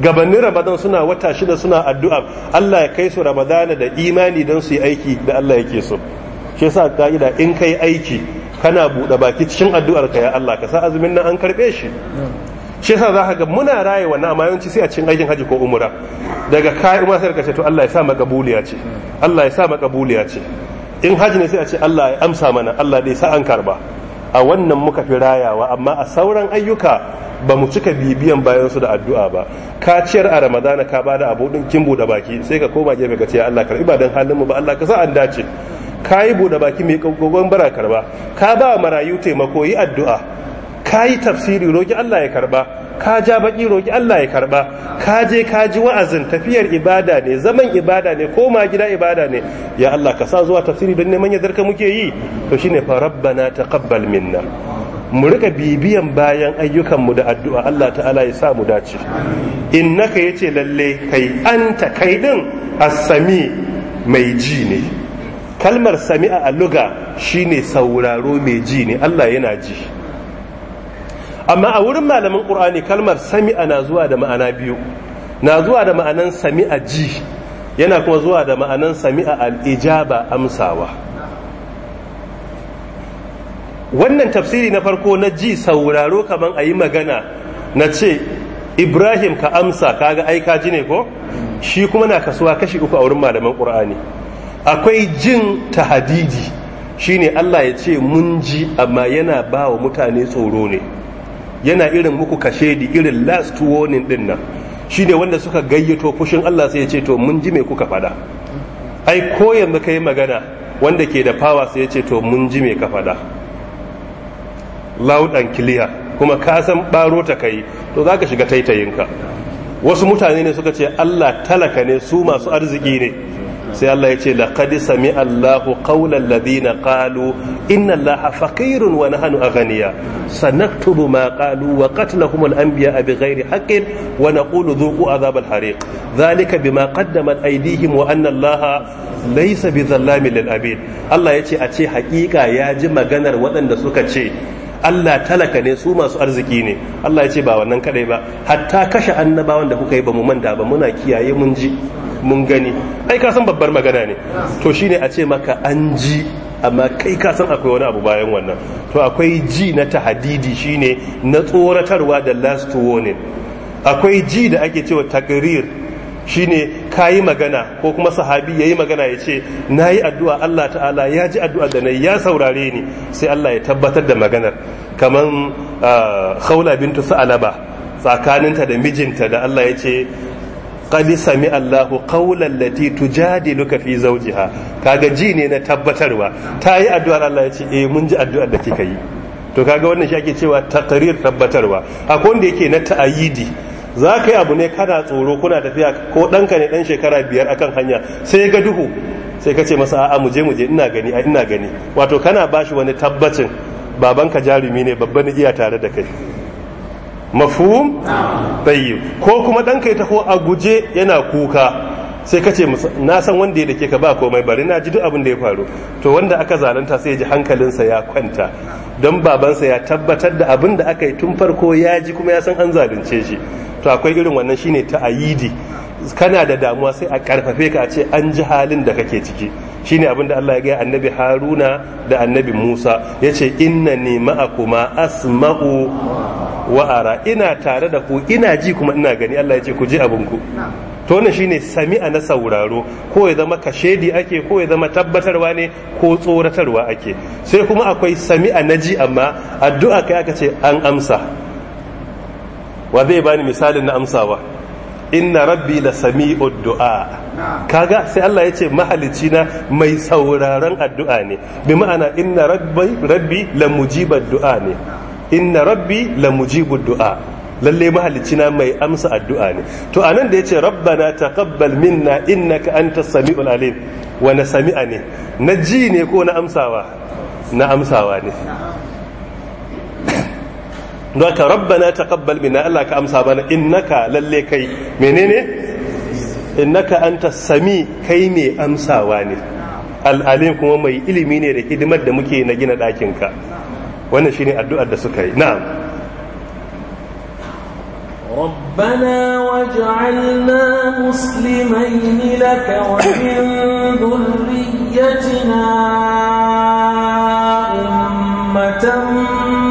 gabanin ramadan suna wata shida suna addu'a Allah ya kai su ramadana da imani don su yi aiki da Allah yake so shi yasa ka'ida in kai aiki kana buɗe baki cikin addu'ar ka ya Allah ka sa azumin nan an karɓe shi shi yasa za ka ga muna raye wa amma yawanci sai a cikin aikin haji ko umura daga kayan umar sai ka ce to Allah ya sa makabuliya ce Allah ya sa makabuliya ce in hajji ne sai a ce Allah ya amsa mana Allah dai sa an karba a wannan muka fi rayawa amma a sauran ayyuka ba mu cika bibiyan bayan su da addu'a ba ka ciyar a ramadana ka bada abu din kin bude baki sai ka koma gefe ka ce Allah karbi ba dan halin mu ba Allah ka sa an dace ka yi bude baki mai gogon bara karba ka ba marayu taimako yi addu'a ka yi tafsiri roki Allah ya karba ka ja baki roki Allah ya karba ka je ka ji wa'azin tafiyar ibada ne zaman ibada ne koma gida ibada ne ya Allah ka sa zuwa tafsiri dan neman yadda muke yi to shine fa rabbana taqabbal minna mu rika bibiyan bayan ayyukanmu da addu'a Allah ta'ala ya sa mu dace innaka yace lalle kai anta kai din as-sami mai ji ne kalmar sami'a a luga shine sauraro mai ji ne Allah yana ji amma a wurin malamin ƙur'ani, kalmar sami'a na zuwa da ma'ana biyu na zuwa da ma'anan sami'a ji yana kuma zuwa da ma'anan sami'a al-ijaba amsawa wannan tafsiri na farko na ji sauraro kamar a yi magana na ce ibrahim ka amsa kaga ai ka ji ne ko shi kuma na kasuwa kashi uku a wurin malaman ƙur'ani akwai jin tahadidi shine allah ya ce mun ji amma yana ba wa mutane tsoro ne yana irin muku kashe di irin last warning din nan shine wanda suka gayyato fushin allah sai ya ce to mun ji me kuka faɗa ai ko yanzu ka yi magana wanda ke da fawa sai ya ce to mun ji me ka faɗa loud and clear kuma ka san baro ta kai to za ka shiga taitayinka wasu mutane ne suka ce Allah talaka ne su masu arziki ne sai Allah ya ce laqad sami Allahu qawlan ladina qalu inna Allaha faqirun wa nahnu aghniya sanaktubu ma qalu wa qatlahum al-anbiya bighairi haqqin wa naqulu dhuqu adhab al-hariq dhalika bima qaddamat aydihim wa anna Allaha laysa bidhallamin lil-abid Allah ya ce a ce hakika ya ji maganar waɗanda suka ce Allah talaka ne su masu arziki ne Allah ya ce ba wannan kadai ba hatta kashe annabawan da kuka yi ba mu manta ba muna kiyaye mun ji mun gani ai ka san babbar magana ne to shine a ce maka an ji amma kai ka san akwai wani abu bayan wannan to akwai ji na tahadidi shine na tsoratarwa da last warning akwai ji da ake cewa takrir shine kayi magana ko kuma sahabi ya yi magana ya ce na yi addu'a Allah ta'ala ya ji addu'a da yi ya saurare ni sai Allah ya tabbatar da maganar kamar ah, haula bintu sa'alaba tsakaninta da mijinta da Allah ya ce ƙali sami Allahu ƙaular lati luka fi zaujiha kaga ji ne na tabbatarwa ta yi addu'ar Allah ya ce e mun ji addu'ar da kika yi to kaga wannan shi ake cewa takarir tabbatarwa akwai wanda yake na ta'ayidi za ka yi abu ne kana tsoro kuna tafiya ko ɗanka ne ɗan shekara biyar akan hanya sai ga duhu sai ka ce masa a'a mu muje ina gani a ina gani wato kana bashi wani tabbacin babanka jarumi ne babban iya tare da kai mafhum tayyib ko kuma ɗanka ya taho a guje yana kuka sai kace ce na san wanda ya dake ka ba komai bari na ji duk abin da ya faru to wanda aka zalunta sai ya ji hankalinsa ya kwanta don babansa ya tabbatar da abin da aka yi tun farko ya ji kuma ya san an zalunce shi to akwai irin wannan shine ta ayidi kana da damuwa sai a karfafe ka a ce an ji halin da kake ciki shine abin da Allah ya gaya annabi Haruna da annabi Musa yace innani ma'akuma asma'u wa ara ina tare da ku ina ji kuma ina gani Allah ya ce ku ji abinku ku to wannan shine sami'a na sauraro ko ya zama kashedi ake ko ya zama tabbatarwa ne ko tsoratarwa ake sai kuma akwai sami'a na ji amma addu'a kai aka ce an amsa wa zai bani misalin na amsawa inna rabbi la sami'ud du'a kaga sai Allah ya ce mahalicci na mai sauraron addu'a ne bi ma'ana inna rabbi rabbi la mujibad du'a ne inna rabbi la mujibud du'a lalle mahalicina mai amsa addu'a ne to anan da yace rabbana taqabbal minna innaka antas samiul alim wa na sami'a ne na ji ne ko na amsawa na amsawa ne don ka rabbana taqabbal minna Allah ka amsa bana innaka lalle kai menene innaka antas sami kai mai amsawa ne alim kuma mai ilimi ne da hidimar da muke na gina ɗakinka wannan shine addu'ar da suka yi na'am ربنا واجعلنا مسلمين لك ومن ذريتنا أمة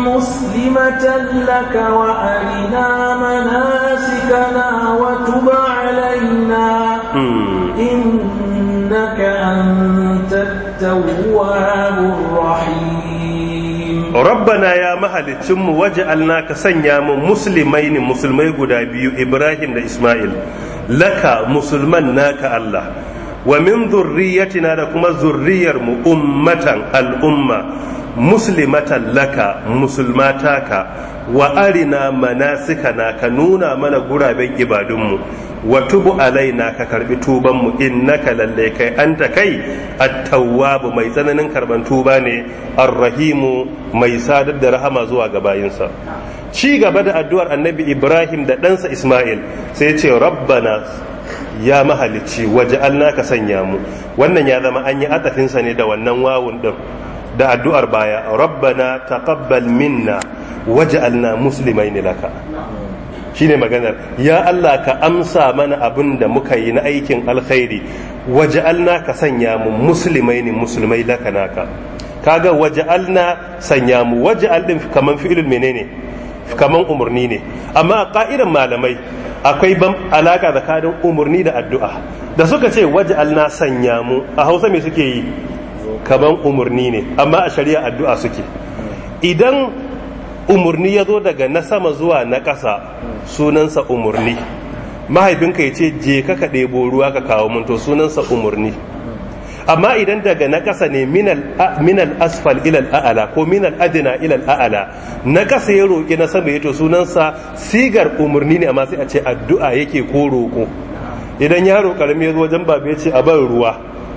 مسلمة لك وأرنا مناسكنا وتب علينا إنك أنت التواب rabbana ya mu waje ka sanya mu musulmai ne musulmai guda biyu ibrahim da ismail laka musulman naka allah wa min zurriyatina da kuma zurriyar mu ummatan al'umma muslimatan laka musulmataka wa arina manasika na ka nuna mana guraben ibadunmu wa tubu alaina ka karbi tuban mu innaka lalle kai anta kai at-tawwabu mai tsananin karban tuba ne ar-rahimu mai sadar da rahama zuwa ga bayinsa ci gaba da addu'ar annabi Ibrahim da ɗansa Ismail sai ce rabbana ya mahalicci waj'alna ka sanya mu wannan ya zama an yi sa ne da wannan wawun din da addu'ar baya rabbana taqabbal minna waj'alna muslimaina laka Shi ne maganar ya Allah ka amsa mana abin da muka yi na aikin alkhairi waj'alna ka sanya mu musulmai ne musulmai laka naka kaga waj'alna sanya mu waj'al din kaman fi'ilul menene kaman umurni ne amma a ka'idan malamai akwai ban alaka tsakanin umurni da addu'a da suka ce waje waj'alna sanya mu a Hausa me suke yi kaman umurni ne amma a shari'a addu'a suke idan umarni ya zo daga na sama zuwa na ƙasa sunansa umarni mahaifinka ya ce je ka ka ɗebo ruwa ka kawo mun to sunansa umarni amma idan daga na ƙasa ne minal asfal ilal a'ala ko minal adina ilal a'ala na ƙasa ya roƙi na sama ya to sunansa sigar umarni ne amma sai a ce addu'a yake ko roƙo idan yaro karami ya zo wajen baba ya ce a bar ruwa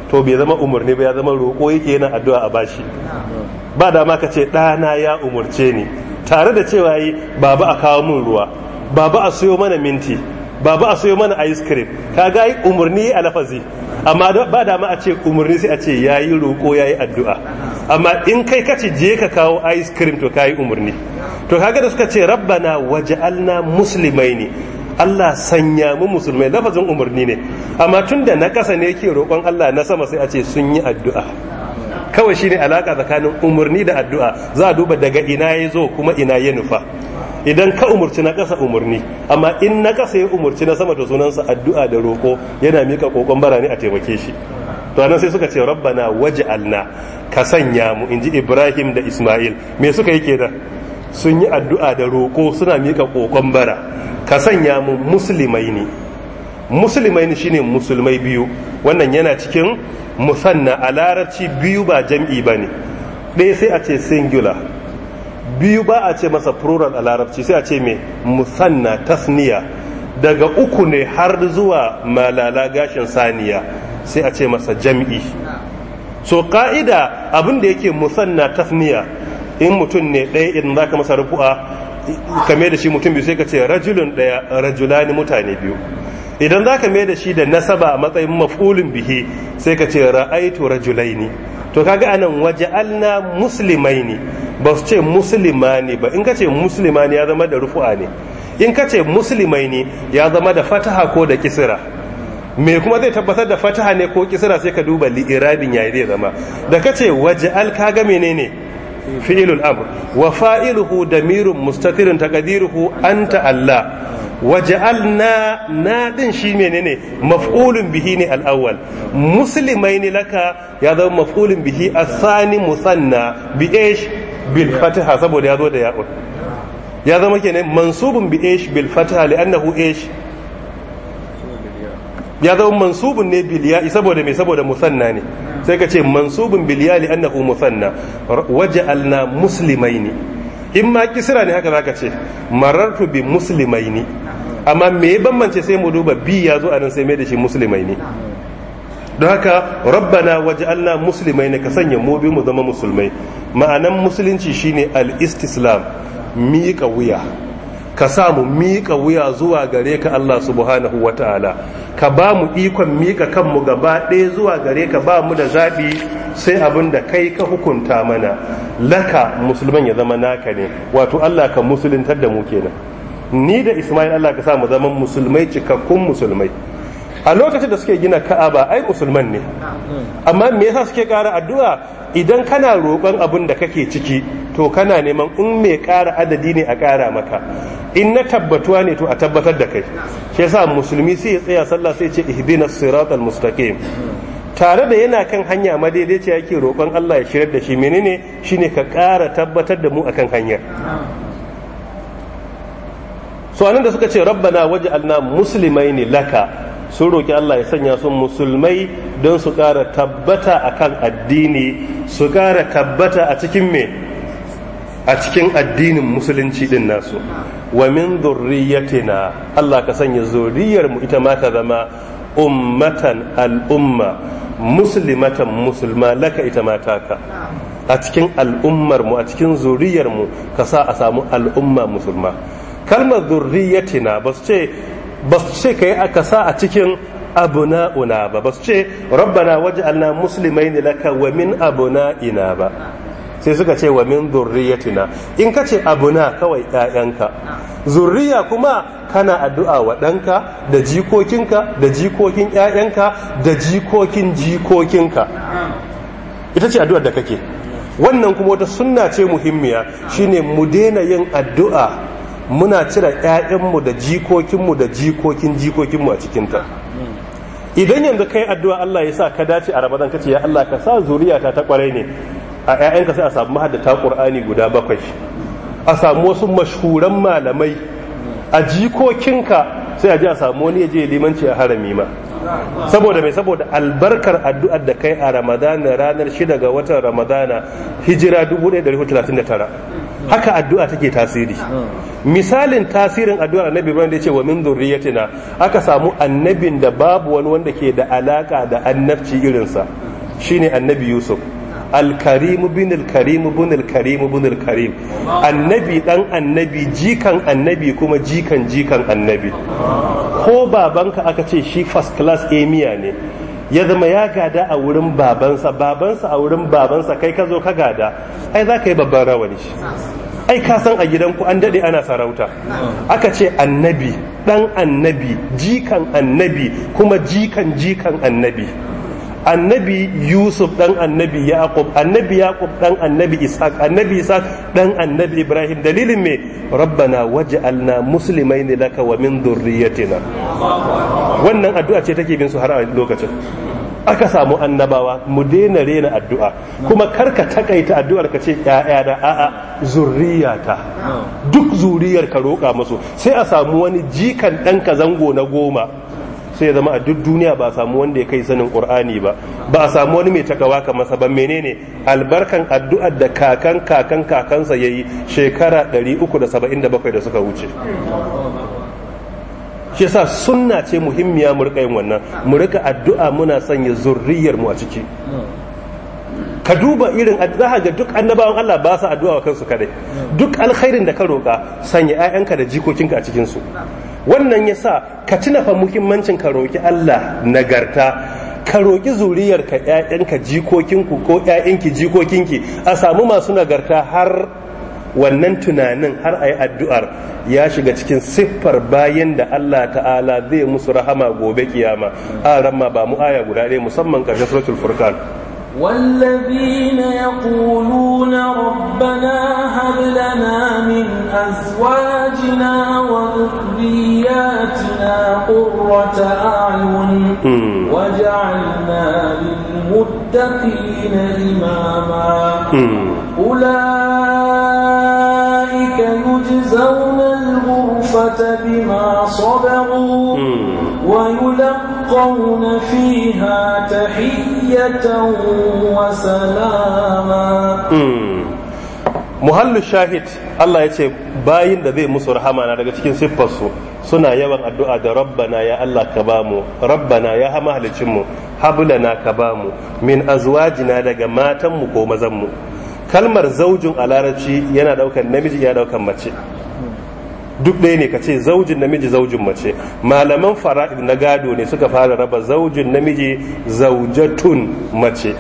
to bai zama umarni ba ya zama roƙo yake yana addu'a a bashi ba dama ka ce ɗana ya umarce ni tare da cewa yi baba a kawo min ruwa baba a siyo mana minti baba a siyo mana ice cream ka ga yi umarni a lafazi amma ba dama a ce umarni sai a ce ya yi roƙo ya yi addu'a amma in kai kaci je ka kawo ice cream to ka yi umarni to kaga da suka ce rabbana waja'alna musulmai ne Allah sanya mu musulmai lafazin umarni ne amma tun da na ƙasa ne yake roƙon Allah na sama sai a ce sun yi addu'a kawai shine alaka tsakanin umarni da addu'a za a duba daga ina ya zo kuma ina ya nufa idan ka umarci na ƙasa umarni amma in na ƙasa ya umarci na sama da sunansa addu'a da roƙo yana mika ƙoƙon bara ne a taimake shi to nan sai suka ce rabbana waj'alna ka sanya mu inji ibrahim da isma'il me suka yi kenan sun yi addu'a da roƙo suna mika ƙoƙon bara ka sanya mu musulmai ne musulmai ne shine musulmai biyu wannan yana cikin musanna a larabci biyu ba jam'i ba ne ɗaya sai a ce singular biyu ba a ce masa plural a larabci sai a ce mai musanna tasniya daga uku ne har zuwa malala gashin saniya sai a ce masa jam'i so ka'ida abin da yake musanna tasniya in mutum ne ɗaya in za ka masa rufu'a kame da shi mutum biyu sai ka ce rajulun ɗaya rajulani mutane biyu idan za ka mai da shi da nasaba a matsayin maf'ulin bihi sai ka ce ra'aitu ne to kaga anan musulmai ne ba su ce ne ba in ka ce ne ya zama da rufu'a ne in ka ce ne ya zama da fataha ko da kisira me kuma zai tabbatar da fataha ne ko kisira sai ka duba li'irabin yayi zai zama da ka ce al kaga menene fi'ilul amr wa fa'iluhu damirun mustatirin taqdiruhu anta allah waja'alna na din shi menene maf'ulun bihi ne al-awwal muslimai ne laka ya zama maf'ulun bihi asani musanna bi ish bil fataha saboda ya zo da ya'un ya zama kenan mansubun bi ish bil fataha li'annahu ish ya zama mansubun ne bil ya'i saboda me saboda musanna ne sai ka ce mansubun bil ya'i li'annahu musanna waja'alna muslimaini in ma kisira ne haka zaka ce marartu bi muslimaini amma me ya bambance sai mu duba bi ya zo a nan sai mai da shi muslimaini don haka rabbana musulmai muslimaini ka sanya mu bi mu zama musulmai ma'anan musulunci shine al-istislam miƙa wuya ka sa mu miƙa wuya zuwa gare ka Allah subhanahu wa ta'ala ka ba mu ikon miƙa kanmu gaba ɗaya zuwa gare ka ba mu da zaɓi sai abin da kai ka hukunta mana laka musulman ya zama naka ne wato Allah ka musuluntar da mu kenan ni da Ismail Allah ka sa mu zama musulmai cikakkun musulmai a lokacin da suke gina ka'aba ai musulman ne amma me yasa suke ƙara addu'a idan kana roƙon abin da kake ciki to kana neman in me ƙara adadi ne a ƙara maka in na tabbatuwa ne to a tabbatar da kai shi yasa musulmi sai ya tsaya sallah sai ce ihdinas siratal mustaqim tare da yana kan hanya madaidaiciya yake roƙon Allah ya shirar da shi menene shine ka ƙara tabbatar da mu akan hanyar so anan da suka ce rabbana musulmai ne laka sun roƙi Allah ya sanya su musulmai don su ƙara tabbata akan addini su ƙara tabbata a cikin me a cikin addinin musulunci din nasu wa min dhurriyyatina Allah ka sanya zuriyar mu ita ma ta zama ummatan al'umma muslimatan musulma laka ita mataka ka a cikin al'ummar mu a cikin zuriyar mu ka sa a samu al'umma musulma kalmar zuriyatina ba su ce ba su ce kai aka sa a cikin abuna'una ba ba su ce rabbana musulmai ne laka wa min abuna'ina ba sai suka ce wa min zurriyatina in ka ce abuna kawai ƴaƴanka zurriya kuma kana addu'a wa ɗanka da jikokinka da jikokin ƴaƴanka da jikokin jikokinka ita ce addu'ar da kake wannan kuma wata sunna ce muhimmiya shine mu daina yin addu'a muna cire ƴaƴanmu da jikokinmu da jikokin jikokinmu a cikinta idan yanzu kai addu'a Allah ya sa ka dace a ramadan kace ya Allah ka sa zuriyata ta kwarai ne a 'ya'yanka sai a samu mahaddata ƙur'ani guda bakwai a samu wasu mashhuran malamai a jikokinka sai a ji a samu wani yaje limanci a harami ma saboda mai saboda albarkar addu'ar da kai a ramadana ranar shida ga watan ramadana hijira 1439 haka addu'a take tasiri misalin tasirin addu'ar annabi ibrahim da ya ce wa min zurriyatina aka samu annabin da babu wani wanda ke da alaka da annabci irinsa shine annabi yusuf alkarimu bin alkarimu bin alkarimu bin alkarim annabi dan annabi jikan annabi kuma jikan jikan annabi ko babanka aka ce shi first class emia ne ya zama ya gada a wurin babansa babansa a wurin babansa kai ka zo ka gada ai za ka yi babban rawani shi ai ka san a gidanku an daɗe ana sarauta aka ce annabi ɗan annabi jikan annabi kuma jikan jikan annabi annabi yusuf dan annabi yaqub annabi yaqub dan annabi ishaq annabi ishaq dan annabi ibrahim dalilin me rabbana waj'alna muslimain laka wa min dhurriyyatina wannan addu'a ce take bin su har a lokacin aka samu annabawa mu daina rena addu'a kuma karka takaita addu'ar ka ce ‘ya'yana a'a zurriyata duk zuriyar ka roka musu sai a samu wani jikan ɗanka zango na goma sai ya zama a duk duniya ba a samu wanda ya kai sanin qur'ani ba ba a samu wani mai takawa kamar sa ba menene albarkan addu'a da kakan kakan kakansa yayi shekara 377 da suka wuce shi yasa sunna ce muhimmiya mu rika yin wannan mu rika addu'a muna sanya zurriyar mu a ciki ka duba irin addu'a ga duk annabawan Allah ba su addu'a wa kansu kadai duk alkhairin da ka roka sanya ƴaƴanka da jikokinka a cikin su wannan ya sa ka tuna fa muhimmancin ka roƙi Allah nagarta ka roƙi zuriyarka ƴaƴanka jikokinku ko ƴaƴanki jikokinki a samu masu nagarta har wannan tunanin har a yi addu'ar ya shiga cikin siffar bayan da Allah ta'ala zai musu rahama gobe kiyama a ramma ba mu aya guda ɗaya musamman ƙarshen suratul furkan والذين يقولون ربنا هب لنا من أزواجنا وذرياتنا قرة أعين وجعلنا للمتقين إماما أولئك يجزون الصيحة بِمَا صَبَرُوا وَيُلَقَّوْنَ فِيهَا تَحِيَّةً وَسَلَامًا muhallu shahid Allah ya ce bayin da zai musu rahama na daga cikin siffarsu suna yawan addu'a da rabbana ya Allah ka bamu rabbana ya hama halicinmu hablana ka bamu min azwajina daga matanmu ko mazanmu kalmar zaujin a larabci yana daukan namiji ya daukan mace duk ɗaya ne ka ce zaujin namiji zaujin mace malaman fara'id na gado ne suka fara raba zaujin namiji zaujatun mace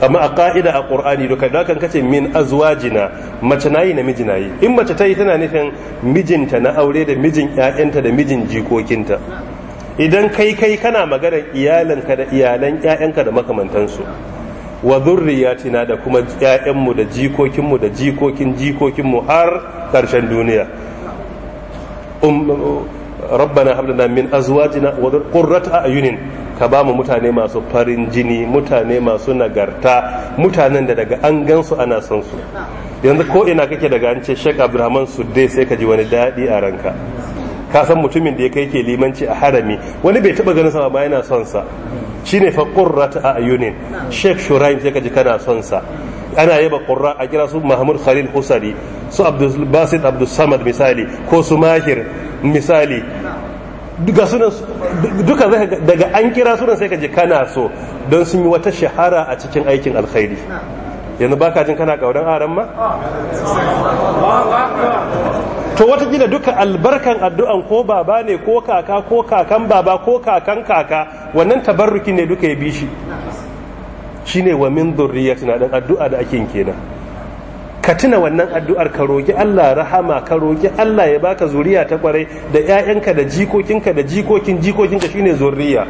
amma a ka'ida a ƙur'ani duka da kan kace min azwajina mace na yi namiji nayi in mace ta yi tana nufin mijinta na aure da mijin ƴaƴanta da mijin jikokinta idan kai kai kana maganar iyalanka da iyalan ƴaƴanka da makamantansu wa zurriyatina da kuma ƴaƴanmu da jikokinmu da jikokin jikokinmu har ƙarshen duniya um, rabbana hab lana min azwajina wa qurrata ayunin ka ba mu mutane masu farin jini mutane masu nagarta mutanen da daga an gansu ana son su yanzu ko ina kake daga an ce Sheikh Abdulrahman Sudde sai ka ji wani daɗi a ranka ka san mutumin da ya kai ke limanci a harami wani bai taba ganin sa ba yana son sa Shi ne fa a ayyunin sheikh shuraim sai ji kana son sa ana yaba ƙurra a kira su mahmud khalil husari su abdul basit misali ko su mahir misali duka zai daga an kira sunan sai ji kana so don sun yi wata shahara a cikin aikin alkhairi yanzu baka jin kana kauran aran ma to wata gina duka albarkan addu'an ko baba ne ko kaka ko kakan baba ko kakan kaka wannan tabarruki ne duka ya bi shi shine wa min dhurriyyatina dan addu'a da ake kenan ka tuna wannan addu'ar ka roki Allah rahama ka roki Allah ya baka zuriya ta kwarai da 'ya'yanka da jikokinka da jikokin jikokinka shine zuriya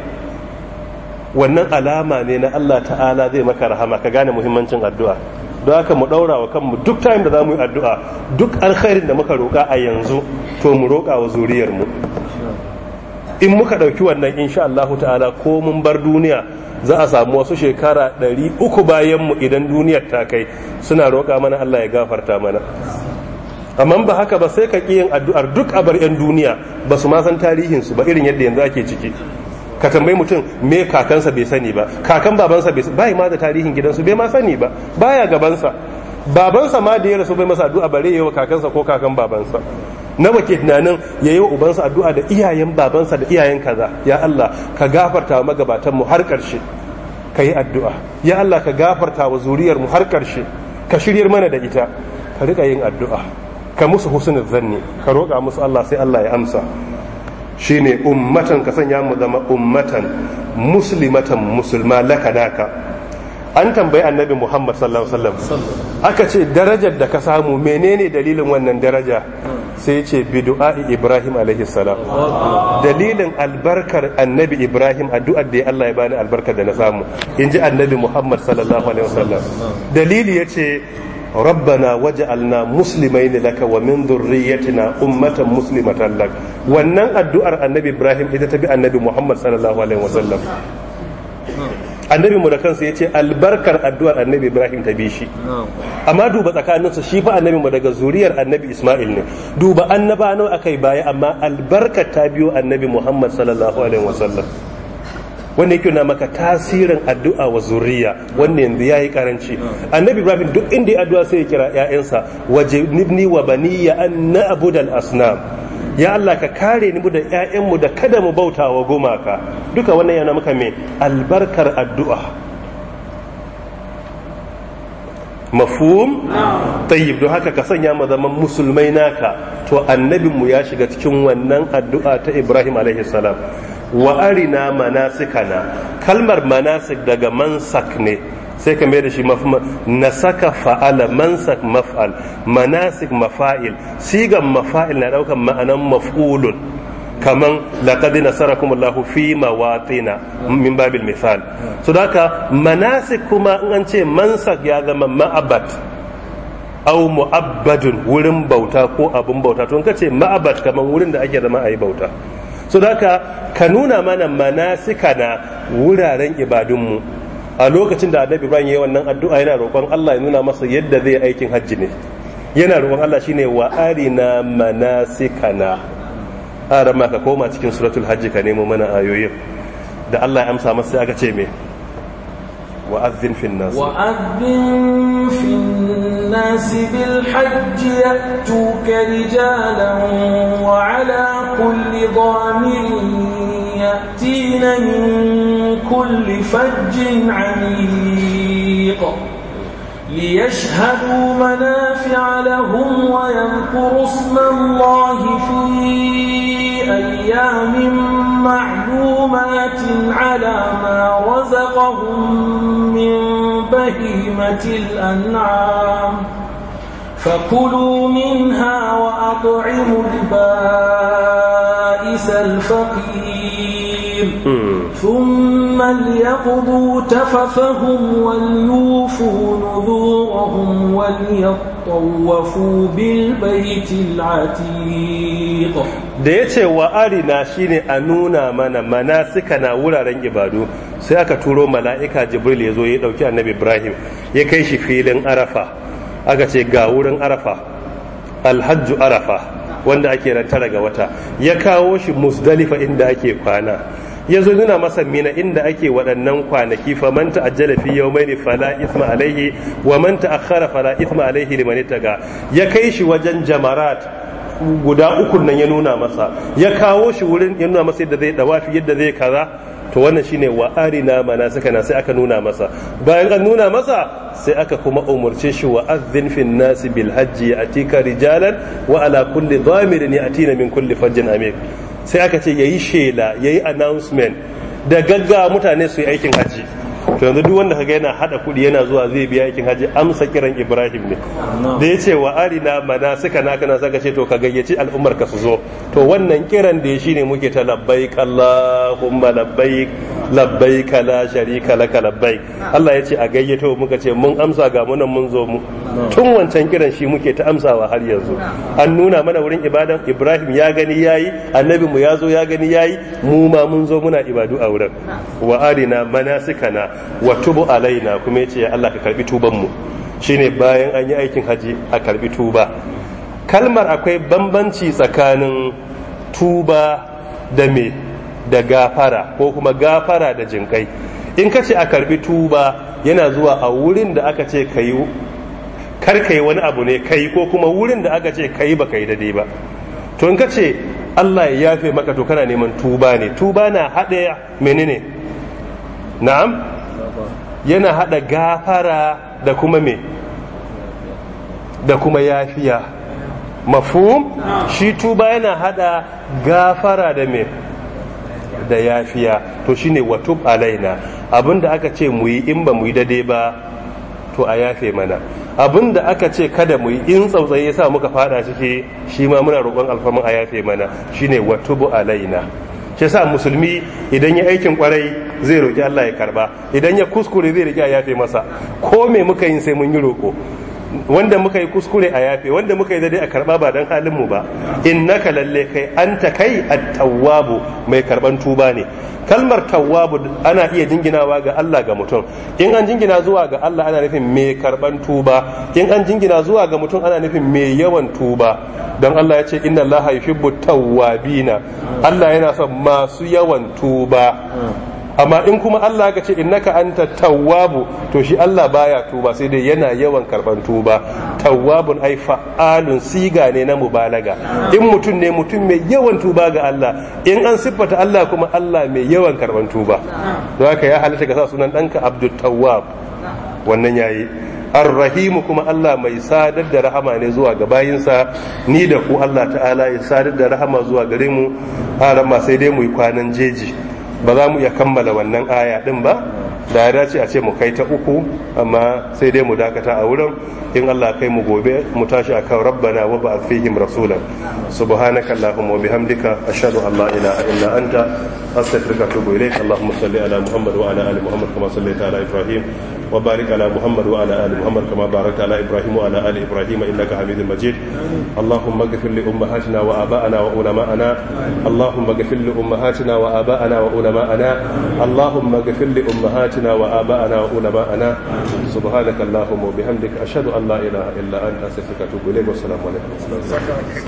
wannan alama ne na Allah ta'ala zai maka rahama ka gane muhimmancin addu'a don haka mu daura wa kanmu duk time da za mu yi addu'a duk alkhairin da muka roƙa a yanzu to mu roƙa wa zuriyar mu in muka ɗauki wannan insha Allahu ta'ala ko mun bar duniya za a samu wasu shekara ɗari uku bayan idan duniyar ta kai suna roƙa mana Allah ya gafarta mana amma ba haka ba sai ka ƙi yin addu'ar duk a bar 'yan duniya ba su ma san tarihinsu ba irin yadda yanzu ake ciki ka tambayi mutum me kakansa bai sani ba kakan babansa bai sani bai ma da tarihin gidansu bai ma sani ba baya gabansa babansa ma da ya rasu bai masa addu'a bare yayi wa kakansa ko kakan babansa nawa ke tunanin ya yi wa ubansa addu'a da iyayen babansa da iyayen kaza ya Allah ka gafarta wa magabatan har karshe ka yi addu'a ya Allah ka gafarta wa zuriyar mu har karshe ka shiryar mana da ita ka riƙa yin addu'a ka musu husnul zanni ka roƙa musu Allah sai Allah ya amsa shine ummatan ka sanya mu zama ummatan muslimatan musulma laka naka an tambayi annabi muhammad sallallahu alaihi wasallam aka ce darajar da ka samu menene dalilin wannan daraja sai ce bidu'a'i ibrahim alaihi salam dalilin albarkar annabi ibrahim addu'ar da Allah ya bani albarkar da na samu in annabi muhammad sallallahu alaihi wasallam dalili yace rabbana waj'alna ne laka wa min dhurriyyatina ummatan muslimatan lak wannan addu'ar annabi ibrahim ita ta bi annabi muhammad sallallahu alaihi sallam annabi mu da kansa ya ce albarkar addu'ar annabi ibrahim ta bi shi amma duba tsakaninsu shi fa annabi mu daga zuriyar annabi ismail ne duba annaba nawa akai baya amma albarkar ta biyo annabi muhammad sallallahu alaihi sallam wanda yake na maka tasirin addu'a wa zuriya wanda yanzu ya yi karanci annabi ibrahim duk inda ya addu'a sai ya kira 'ya'yansa waje nibni wa baniya an na'budal asnam ya Allah ka kare ni da 'ya'yanmu da kada mu bauta wa gumaka duka wannan yana maka mai albarkar addu'a mafhum tayyib don haka ka sanya mu zaman musulmai naka to annabinmu ya shiga cikin wannan addu'a ta ibrahim alaihi salam wa arina manasikana kalmar manasik daga mansak ne sai ka da shi nasaka fa'ala mansak maf'al manasik mafa'il sigan mafa'il na daukan ma'anan maf'ulun kaman laqad nasarakum Allah fi mawatina min babil misal so daka manasik kuma in an ce mansak ya zama ma'abat aw mu'abbadun wurin bauta ko abun bauta to in ka ce ma'abat kaman wurin da ake zama ayi bauta so haka ka nuna mana manasika na wuraren ibadunmu a lokacin da annabi ibrahim ya wannan addu'a yana roƙon allah ya nuna masa yadda zai aikin hajji ne yana roƙon allah shine wa arina na a rama ka koma cikin suratul hajji ka nemo mana ayoyin da allah ya amsa masa sai aka ce me wa'azzin fin الناس بالحج يأتوك رجالا وعلى كل ضامر يأتين من كل فج عميق ليشهدوا منافع لهم ويذكروا اسم الله في أيام معلومات على ما رزقهم من بهيم وحرمت الْأَنْعَامُ فَكُلُوا مِنْهَا وأطعموا الْبَائِسَ الْفَقِيرَ ثُمَّ ليقضوا تففهم وليوفوا نذورهم وليطوفوا بِالْبَيْتِ الْعَتِيقِ da ya ce wa arina shine a nuna mana mana suka na wuraren ibadu sai aka turo mala'ika jibril ya zo ya ɗauki annabi ibrahim ya kai shi filin arafa aka ce ga wurin arafa alhajju arafa wanda ake ran tara ga wata ya kawo shi musdalifa inda ake kwana ya zo nuna masa mina inda ake waɗannan kwanaki fa man ta'ajjala fi yawmayn fala ithma alayhi wa man ta'akhkhara fala ithma alayhi liman ittaqa ya kai shi wajen jamarat guda ukun nan ya nuna masa ya kawo shi wurin ya nuna masa yadda zai dawafi yadda zai kaza to wannan shine wa arina manasikana sai aka nuna masa bayan an nuna masa sai aka kuma umurce shi wa azzin fin nasi bil hajji atika rijalan wa ala kulli dhamirin yatina min kulli fajjin amik sai aka ce yayi shela yayi announcement da gaggawa mutane su yi aikin hajji to yanzu duk wanda kaga yana hada kuɗi yana zuwa zai biya aikin haji amsa kiran ibrahim ne da ya ce wa arina mana suka na kana saka ce to ka gayyaci al'ummar ka su zo to wannan kiran da ya shine muke ta labbaik allahumma labbaik labbaik la sharika laka labbaik Allah ya ce a gayyato muka ce mun amsa ga munan mun zo mu tun wancan kiran shi muke ta amsawa har yanzu an nuna mana wurin ibadan ibrahim ya gani yayi annabi mu ya zo ya gani yayi mu ma mun zo muna ibadu a wurin wa arina manasikana wa tubu alaina kuma yace ya Allah ka karbi tuban mu shine bayan an yi aikin haji a karbi tuba kalmar akwai bambanci tsakanin tuba da me da gafara ko kuma gafara da jinkai in ka ce a karbi tuba yana zuwa a wurin da aka ce ka yi kai wani abu ne kai ko kuma wurin da aka ce kai ba kai daidai ba to in ka ce Allah ya yafe maka to kana neman tuba ne tuba na haɗe menene na'am yana hada gafara da kuma me da kuma yafiya mafhum shi tuba yana hada gafara da me da yafiya to shi ne watub alaina abinda aka ce mu yi in ba mu yi dade ba to a yafe mana abinda aka ce kada mu yi in tsautsaye ya sa muka fada shi shi ma muna roƙon alfamin a yafe mana shi shine watubu alaina shi sa musulmi idan ya aikin kwarai zai roƙi Allah ya karba idan ya kuskure zai riƙe ya yafe masa ko me muka yin sai mun yi roƙo wanda muka yi kuskure a yafe wanda muka yi dade a karba ba dan halin mu ba innaka lalle kai an ta kai a tawwabu mai karban tuba ne kalmar tawwabu ana iya jinginawa ga Allah ga mutum in an jingina zuwa ga Allah ana nufin mai karban tuba in an jingina zuwa ga mutum ana nufin mai yawan tuba don Allah ya ce inna Allah yuhibbu tawwabina Allah yana son masu yawan tuba amma in kuma Allah ka ce innaka anta tawwabu to shi Allah baya tuba sai dai yana yawan karban tuba tawwabun ai fa'alun siga ne na mubalaga in mutum ne mutum mai yawan tuba ga Allah in an siffata Allah kuma Allah mai yawan karban tuba don haka ya halitta ka sa sunan danka Abdul Tawwab wannan yayi arrahimu kuma Allah mai sadar da rahama ne zuwa ga bayinsa ni da ku Allah ta'ala ya sadar da rahama zuwa gare mu har sai dai mu yi kwanan jeji ba za mu iya kammala wannan aya din ba da ya dace a ce mu kai ta uku amma sai dai mu dakata a wurin in Allah kai mu gobe mu tashi akan rabbana wa ba'ath fihim rasula subhanaka allahumma wa bihamdika ashhadu an la ilaha illa anta astaghfiruka wa atubu ilayk allahumma salli ala muhammad wa ala ali muhammad kama sallaita ala ibrahim وبارك على محمد وعلى آل محمد كما باركت على إبراهيم وعلى آل إبراهيم إنك حميد مجيد اللهم اغفر لأمهاتنا وآبائنا وعلماءنا اللهم اغفر لأمهاتنا وآبائنا وعلماءنا اللهم اغفر لأمهاتنا وآبائنا وعلماءنا سبحانك اللهم وبحمدك أشهد أن لا إله إلا أنت أستغفرك وأتوب إليك والسلام عليكم